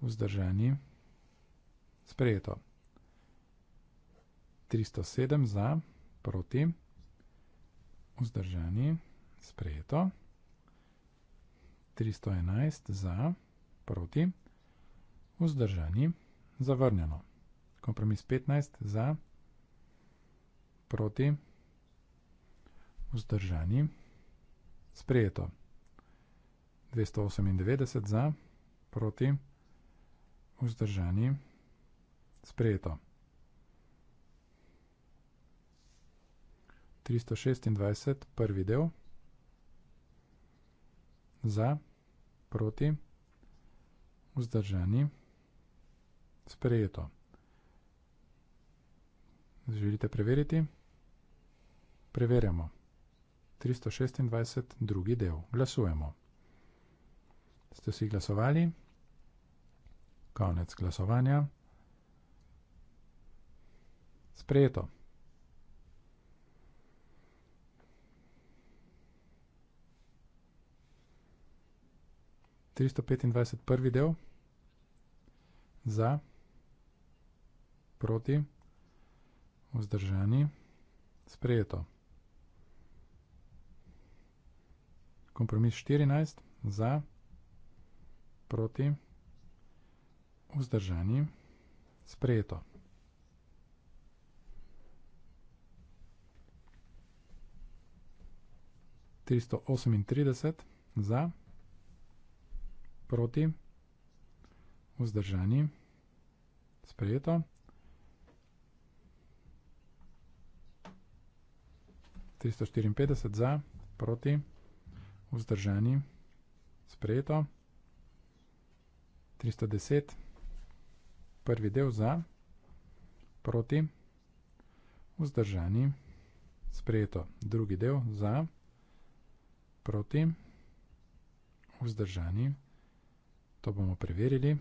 vzdržani, sprejeto. 307 za, proti, vzdržani, sprejeto. 311 za, proti, vzdržani, zavrnjeno. Kompromis 15 za, proti, vzdržani, sprejeto. 298 za, proti, vzdržani, sprejeto. 326, prvi del, za, proti, proti, vzdržani, sprejeto. Želite preveriti? Preverjamo. 326. drugi del. Glasujemo. Ste si glasovali? Konec glasovanja. Sprejeto. 325 prvi del, za, proti, vzdržani, sprejeto. Kompromis 14, za, proti, vzdržani, sprejeto. 338 za, proti, vzdržani, sprejeto proti, vzdržani, sprejeto. Tristo štiriinpetdeset za, proti, vzdržani, sprejeto. Tristo deset, prvi del za, proti, vzdržani, sprejeto. Drugi del za, proti, vzdržani, sprejeto. To bomo preverili.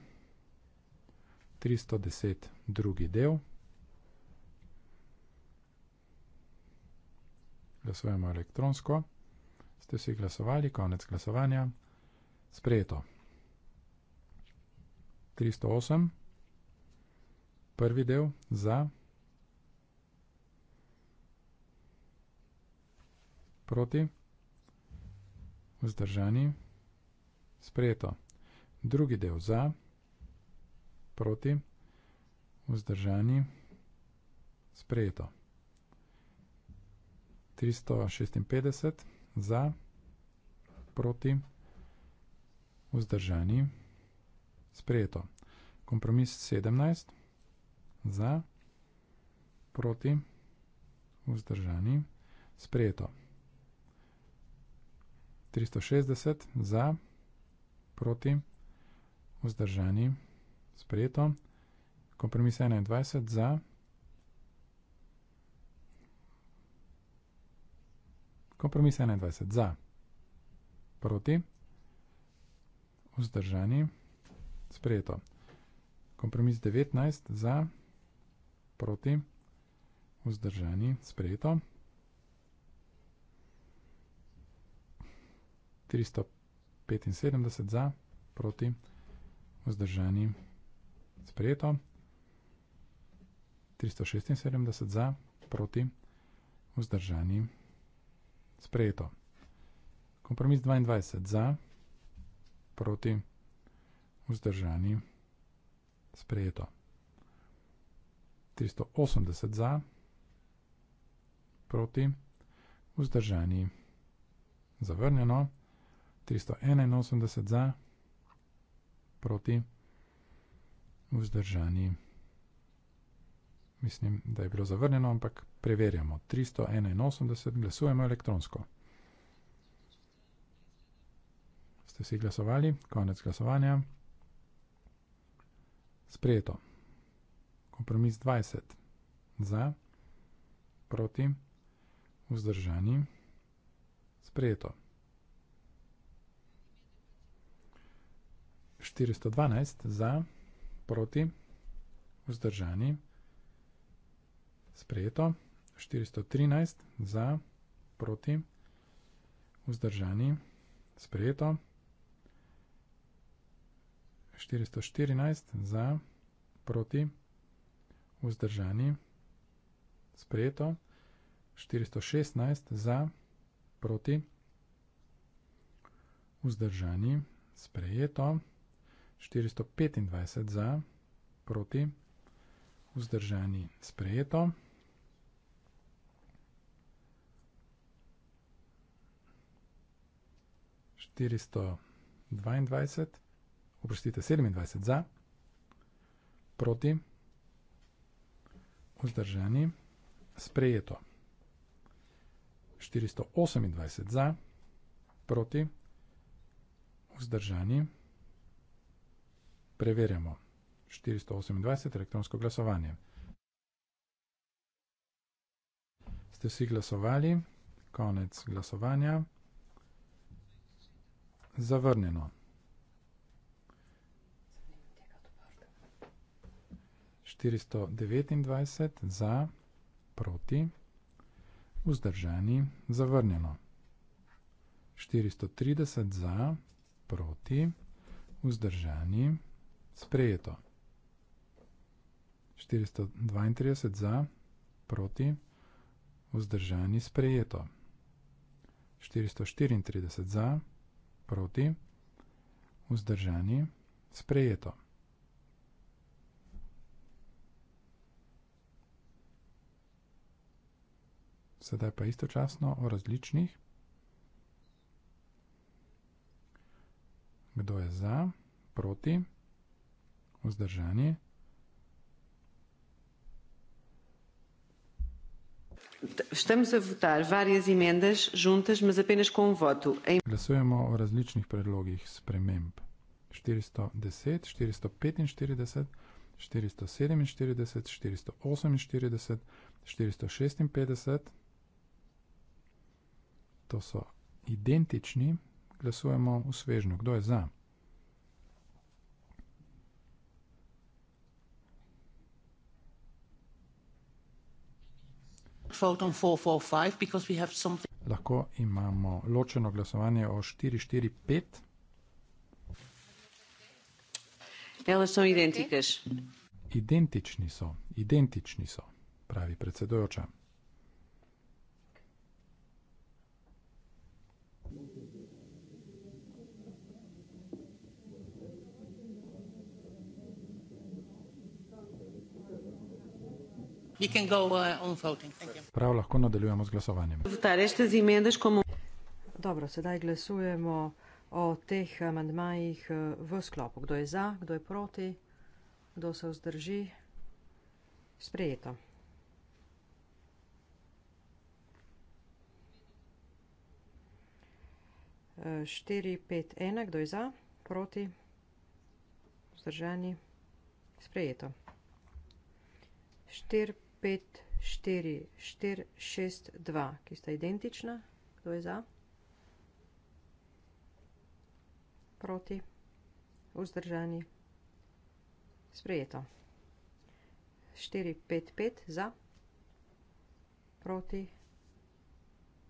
310 drugi del. Glasujemo elektronsko. Ste vsi glasovali, konec glasovanja. Sprejeto. 308. Prvi del za. Proti. Vzdržani. Sprejeto. 309 drugi del za, proti, vzdržani, sprejeto. 356 za, proti, vzdržani, sprejeto. Kompromis 17 za, proti, vzdržani, sprejeto. 360 za, proti, vzdržani vzdržani, sprejeto. Kompromis 21 za. Kompromis 21 za. Proti. Vzdržani, sprejeto. Kompromis 19 za. Proti. Vzdržani, sprejeto. 375 za. Proti vzdržani, sprejeto. 376 za, proti, vzdržani, sprejeto. Kompromis 22 za, proti, vzdržani, sprejeto. 380 za, proti, vzdržani, zavrnjeno. 381 za, proti, vzdržani, sprejeto proti vzdržani. Mislim, da je bilo zavrnjeno, ampak preverjamo. 381 glasujemo elektronsko. Ste vsi glasovali? Konec glasovanja. Sprejeto. Kompromis 20. Za. Proti. Vzdržani. Sprejeto. 412 za, proti, vzdržani, sprejeto. 413 za, proti, vzdržani, sprejeto. 414 za, proti, vzdržani, sprejeto. 416 za, proti, vzdržani, sprejeto. 416 za, proti, vzdržani, sprejeto. 425 za, proti, vzdržani sprejeto. Oprostite, 27 za, proti, vzdržani, sprejeto. 428 za, proti, vzdržani, sprejeto. Preverjamo. 428 elektronsko glasovanje. Ste vsi glasovali? Konec glasovanja. Zavrnjeno. 429 za, proti, vzdržani, zavrnjeno. 430 za, proti, vzdržani, zavrnjeno sprejeto. 432 za, proti, vzdržani sprejeto. 434 za, proti, vzdržani sprejeto. Sedaj pa istočasno o različnih. Kdo je za, proti, vzdržani sprejeto vzdržanje. Estamos a votar várias emendas juntas, mas apenas com um voto. Glasujemo o različnih predlogih sprememb. 410, 445, 447, 448, 456. To so identični. Glasujemo v svežnju. Kdo je za? foton 445, because we have something. Lahko imamo ločeno glasovanje o 445. Ja, identični so, identični so, pravi predsedujoča. Uh, Prav lahko nadaljujemo z glasovanjem. Dobro, sedaj glasujemo o teh amandmajih eh, v sklopu. Kdo je za, kdo je proti, kdo se vzdrži. Sprejeto. Eh, štiri, pet, ena, kdo je za, proti, vzdržani, sprejeto. Štiri, 5, 4, 4, 6, 2, ki sta identična. Kdo je za? Proti? Vzdržani? Sprejeto. 4, 5, 5 za, proti,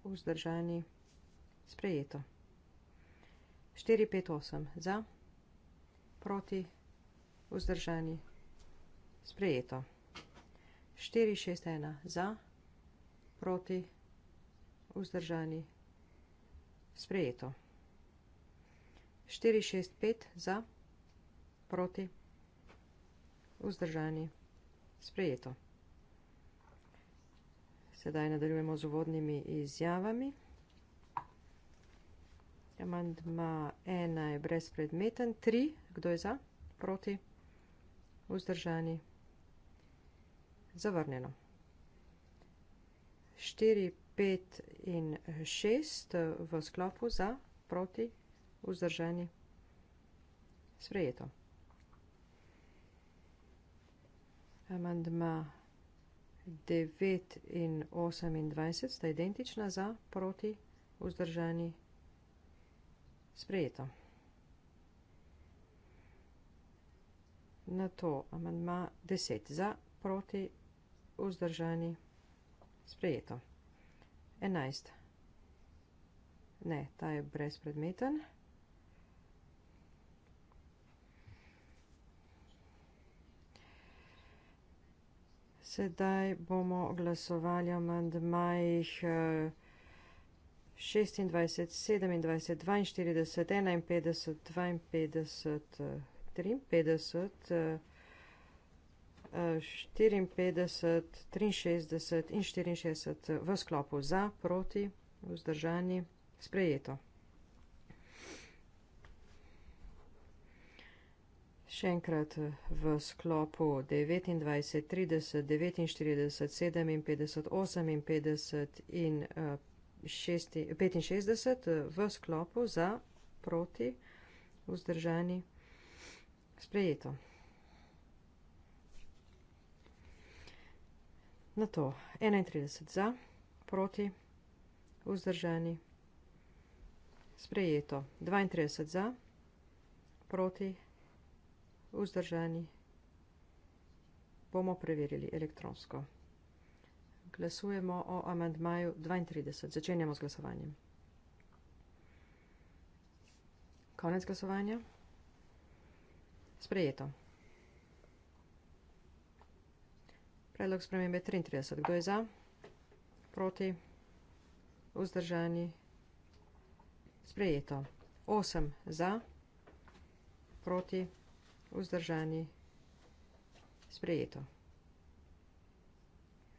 vzdržani, sprejeto. 4, 5, 8 za, proti, vzdržani, sprejeto. 4, 6, 1 za, proti, vzdržani, sprejeto. 4, 6, 5 za, proti, vzdržani, sprejeto. Sedaj nadaljujemo z uvodnimi izjavami. Amandma 1 je brezpredmeten, 3, kdo je za, proti, vzdržani, sprejeto zavrnjeno. 4, 5 in 6 v sklopu za, proti, vzdrženi, sprejeto. Amandma 9 in 28 sta identična za, proti, vzdrženi, sprejeto. Na to amandma 10 za, proti, vzdrženi, sprejeto vzdržani. Sprejeto. 11. Ne, ta je brezpredmeten. Sedaj bomo glasovali o mandmajih 26, 27, 42, 51, 52, 53, 54, 63 in 64 v sklopu za, proti, vzdržani, sprejeto. Še enkrat v sklopu 29, 30, 49, 57, 58 in 65 v sklopu za, proti, vzdržani, sprejeto. Na to 31 za, proti, vzdržani, sprejeto. 32 za, proti, vzdržani, bomo preverili elektronsko. Glasujemo o amandmaju 32. Začenjamo z glasovanjem. Konec glasovanja. Sprejeto. Predlog spremembe 33. Kdo je za? Proti? Vzdržani? Sprejeto. 8 za, proti, vzdržani, sprejeto.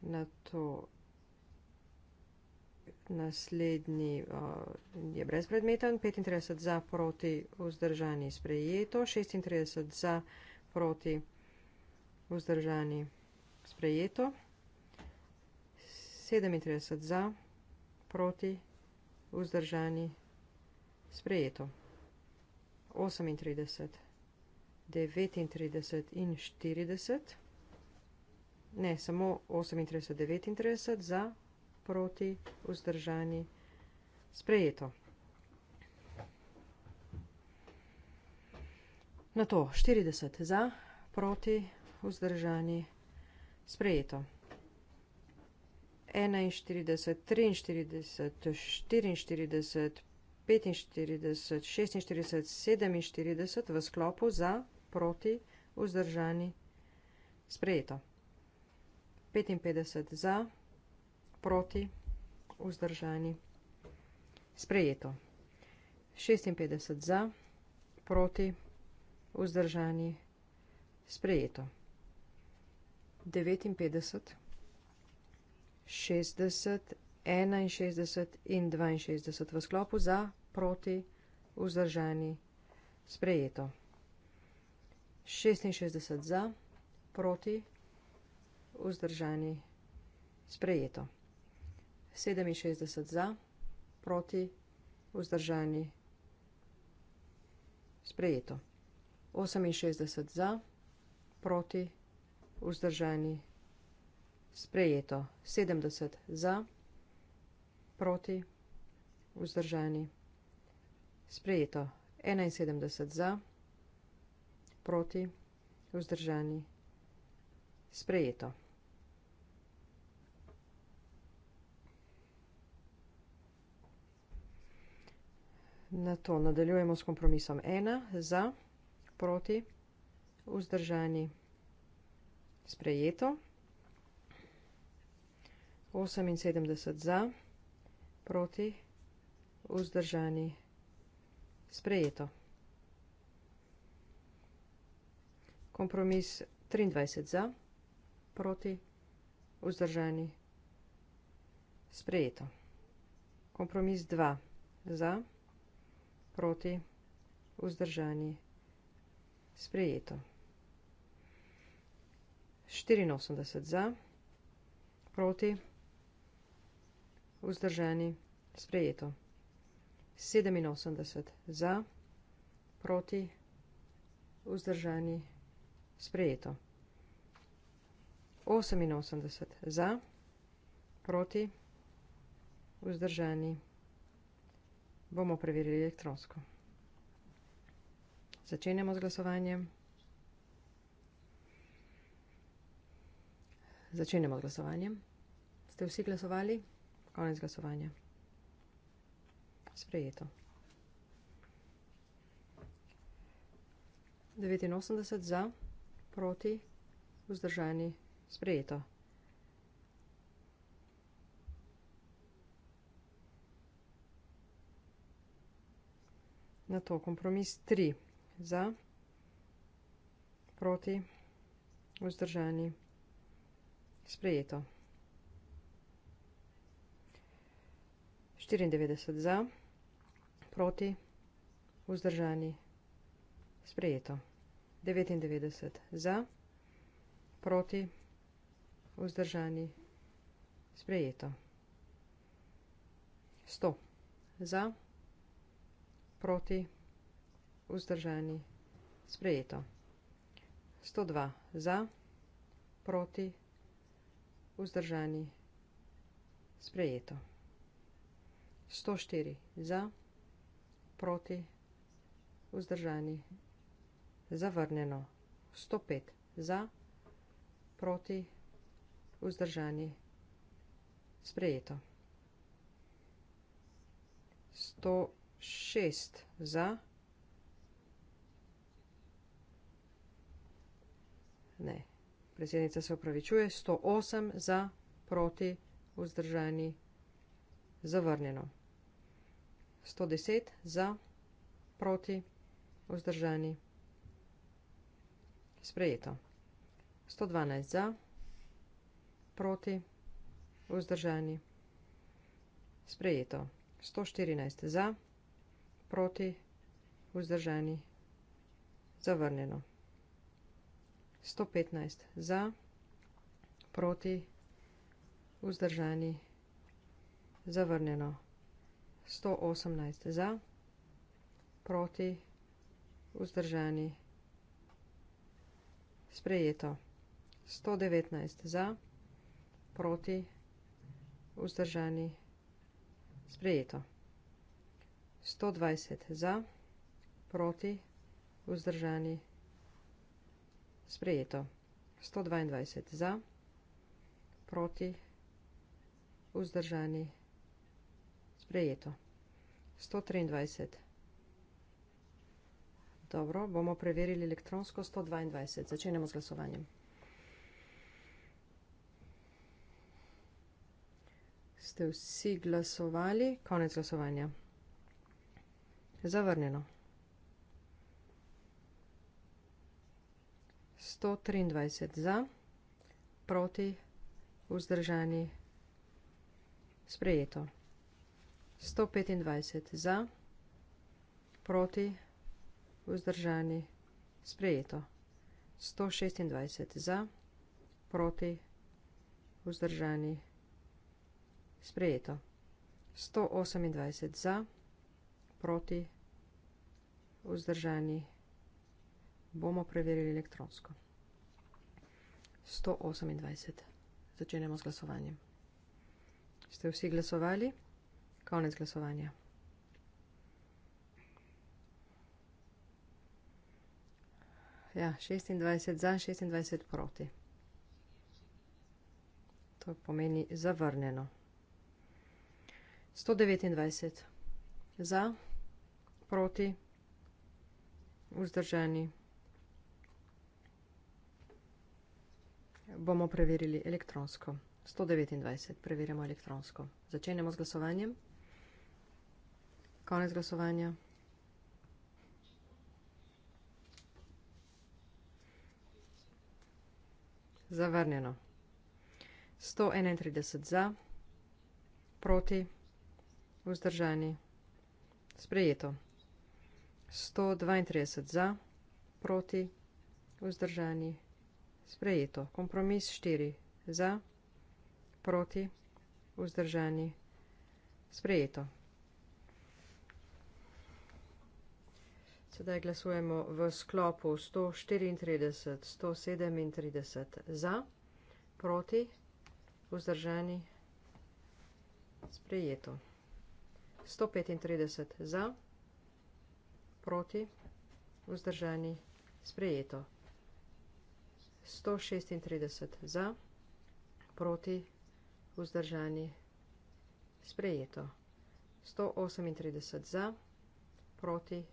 Na to naslednji uh, je brezpredmeten. 35 za, proti, vzdržani, sprejeto. 36 za, proti, vzdržani, sprejeto sprejeto. 37 za, proti, vzdržani, sprejeto. 38, 39 in 40. Ne, samo 38, 39 za, proti, vzdržani, sprejeto. Na to 40 za, proti, vzdržani, sprejeto. Sprejeto. 41, 43, 44, 45, 46, 47 v sklopu za, proti, vzdržani. Sprejeto. 55 za, proti, vzdržani. Sprejeto. 56 za, proti, vzdržani. Sprejeto. 59, 60, 61 in 62 v sklopu za, proti, vzdržani, sprejeto. 66 za, proti, vzdržani, sprejeto. 67 za, proti, vzdržani, sprejeto. 68 za, proti, vzdržani, sprejeto vzdržani. Sprejeto 70 za, proti vzdržani. Sprejeto 71 za, proti vzdržani. Sprejeto. Na to nadaljujemo s kompromisom 1 za, proti, vzdržani sprejeto. 78 za, proti, vzdržani, sprejeto. Kompromis 23 za, proti, vzdržani, sprejeto. Kompromis 2 za, proti, vzdržani, sprejeto. 84 za, proti, vzdrženi, sprejeto. 87 za, proti, vzdrženi, sprejeto. 88 za, proti, vzdrženi, bomo preverili elektronsko. Začenjamo z glasovanjem. začenjamo glasovanje. Ste vsi glasovali? Konec glasovanja. Sprejeto. 89 za, proti, vzdržani, sprejeto. Na to kompromis 3 za, proti, vzdržani, sprejeto. Sprejeto. 94 za, proti, vzdržani, sprejeto. 99 za, proti, vzdržani, sprejeto. 100 za, proti, vzdržani, sprejeto. 102 za, proti, vzdržani, sprejeto vzdržani, sprejeto. 104 za, proti, vzdržani, zavrnjeno. 105 za, proti, vzdržani, sprejeto. 106 za, ne, Predsednica se upravičuje, 108 za, proti, vzdržani, zavrnjeno. 110 za, proti, vzdržani, sprejeto. 112 za, proti, vzdržani, sprejeto. 114 za, proti, vzdržani, zavrnjeno. 115 za, proti, vzdržani, zavrnjeno. 118 za, proti, vzdržani, sprejeto. 119 za, proti, vzdržani, sprejeto. 120 za, proti, vzdržani, sprejeto sprejeto. 122 za, proti, vzdržani, sprejeto. 123. Dobro, bomo preverili elektronsko 122. Začenjamo z glasovanjem. 120. Ste vsi glasovali? Konec glasovanja. Zavrnjeno. 123 za, proti, vzdržani, sprejeto. 125 za, proti, vzdržani, sprejeto. 126 za, proti, vzdržani, sprejeto. 128 za, proti, vzdržani, bomo preverili elektronsko. 128. Začenjamo z glasovanjem. Ste vsi glasovali? Konec glasovanja. Ja, 26 za, 26 proti. To pomeni zavrnjeno. 129 za, proti, vzdržani. bomo preverili elektronsko. 129 preverjamo elektronsko. Začenjamo z glasovanjem. Konec glasovanja. Zavrnjeno. 131 za, proti, vzdržani, sprejeto. 132 za, proti, vzdržani, sprejeto sprejeto. Kompromis 4. Za, proti, vzdržani, sprejeto. Sedaj glasujemo v sklopu 134, 137 za, proti, vzdržani, sprejeto. 135 za, proti, vzdržani, sprejeto. 136 za, proti, vzdržani, sprejeto. 138 za, proti,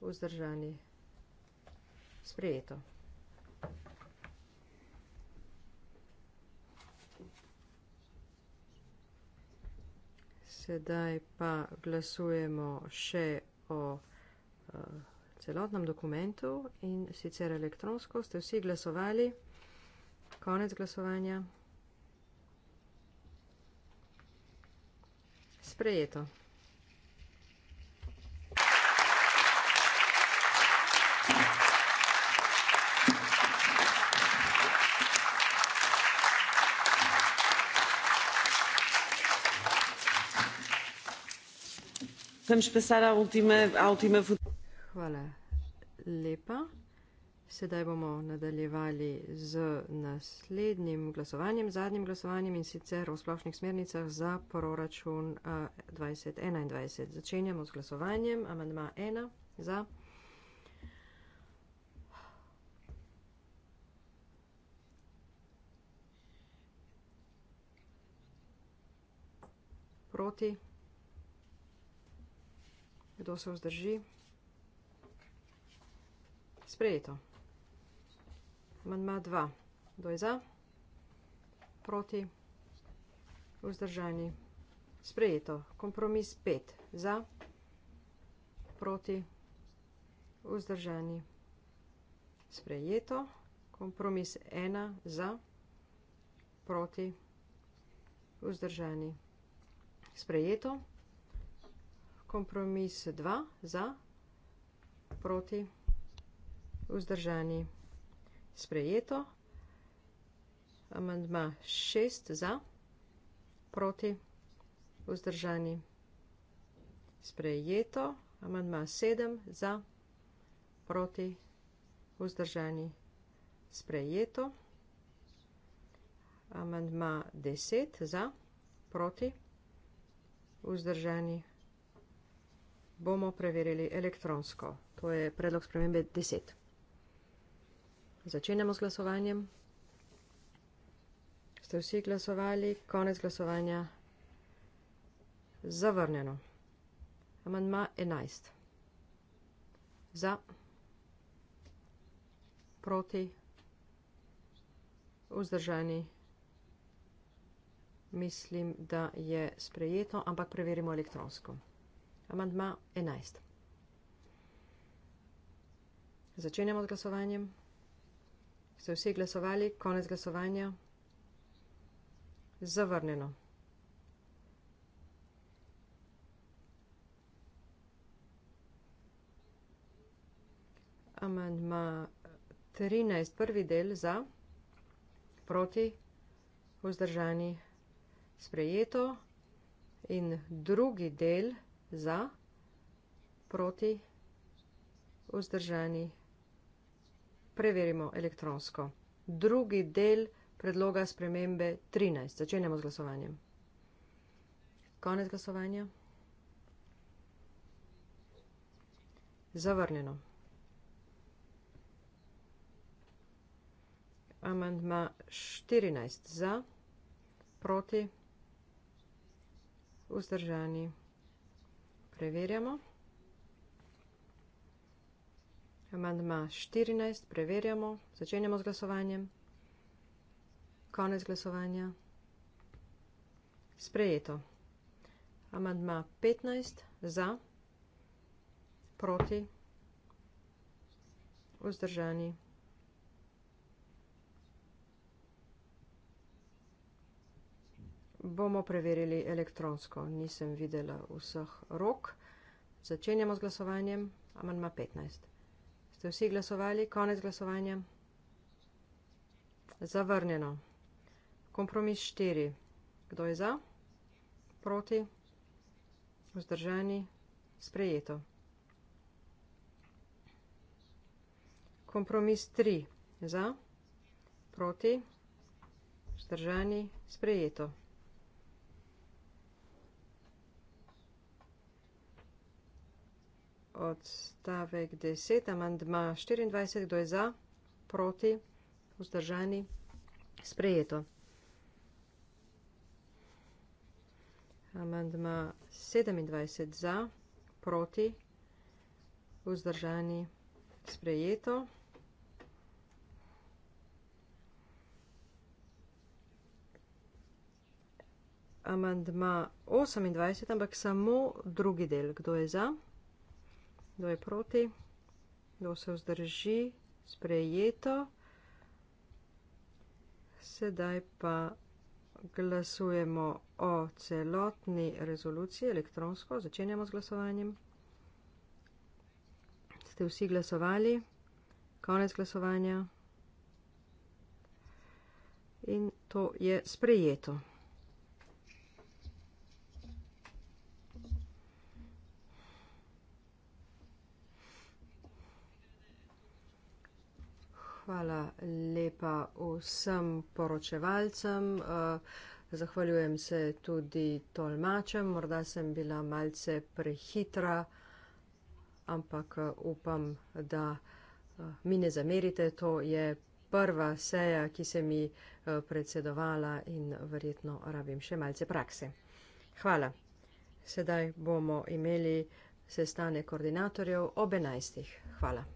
vzdržani, sprejeto. Sedaj pa glasujemo še o uh, celotnem dokumentu in sicer elektronsko ste vsi glasovali. Konec glasovanja. Sprejeto. Când și pe seara ultime, a ultime... Hvala lepa. Sedaj bomo nadaljevali z naslednjim glasovanjem, zadnjim glasovanjem in sicer o splošnih smernicah za proračun 2021. Začenjamo z glasovanjem. Amandma 1 za. Proti. Kdo se vzdrži? Sprejeto. Amandma 2. Kdo je za? Proti? Vzdržani? Sprejeto. Kompromis 5. Za? Proti? Vzdržani? Sprejeto. Kompromis 1. Za? Proti? Vzdržani? Sprejeto. Kompromis 2. Za? Proti? Vzdržani? vzdržani. Sprejeto. Amandma šest za, proti, vzdržani. Sprejeto. Amandma sedem za, proti, vzdržani. Sprejeto. Amandma deset za, proti, vzdržani. Bomo preverili elektronsko. To je predlog spremembe deset. Začenjamo z glasovanjem. Ste vsi glasovali? Konec glasovanja. Zavrnjeno. Amandma 11. Za. Proti. Vzdržani. Mislim, da je sprejeto, ampak preverimo elektronsko. Amandma 11. Začenjamo z glasovanjem. Ste vsi glasovali? Konec glasovanja? Zavrnjeno. Amandma 13, prvi del za, proti, vzdržani, sprejeto in drugi del za, proti, vzdržani, sprejeto preverimo elektronsko. Drugi del predloga spremembe 13. Začenjamo z glasovanjem. Konec glasovanja. Zavrnjeno. Amandma 14 za, proti, vzdržani. Preverjamo. Amandma 14, preverjamo, začenjamo z glasovanjem. Konec glasovanja. Sprejeto. Amandma 15, za, proti, vzdržani. Bomo preverili elektronsko, nisem videla vseh rok. Začenjamo z glasovanjem. Amandma 15. Ste vsi glasovali? Konec glasovanja. Zavrnjeno. Kompromis štiri. Kdo je za? Proti? Vzdržani? Sprejeto. Kompromis tri. Za? Proti? Vzdržani? Sprejeto. odstavek 10, amandma 24, kdo je za, proti, vzdržani, sprejeto. Amandma 27 za, proti, vzdržani, sprejeto. Amandma 28, ampak samo drugi del. Kdo je za? kdo je proti, kdo se vzdrži, sprejeto. Sedaj pa glasujemo o celotni rezoluciji elektronsko, začenjamo z glasovanjem. Ste vsi glasovali, konec glasovanja. In to je sprejeto. Hvala lepa vsem poročevalcem. Eh, zahvaljujem se tudi tolmačem. Morda sem bila malce prehitra, ampak eh, upam, da eh, mi ne zamerite. To je prva seja, ki se mi predsedovala in verjetno rabim še malce prakse. Hvala. Sedaj bomo imeli sestane koordinatorjev ob enajstih. Hvala.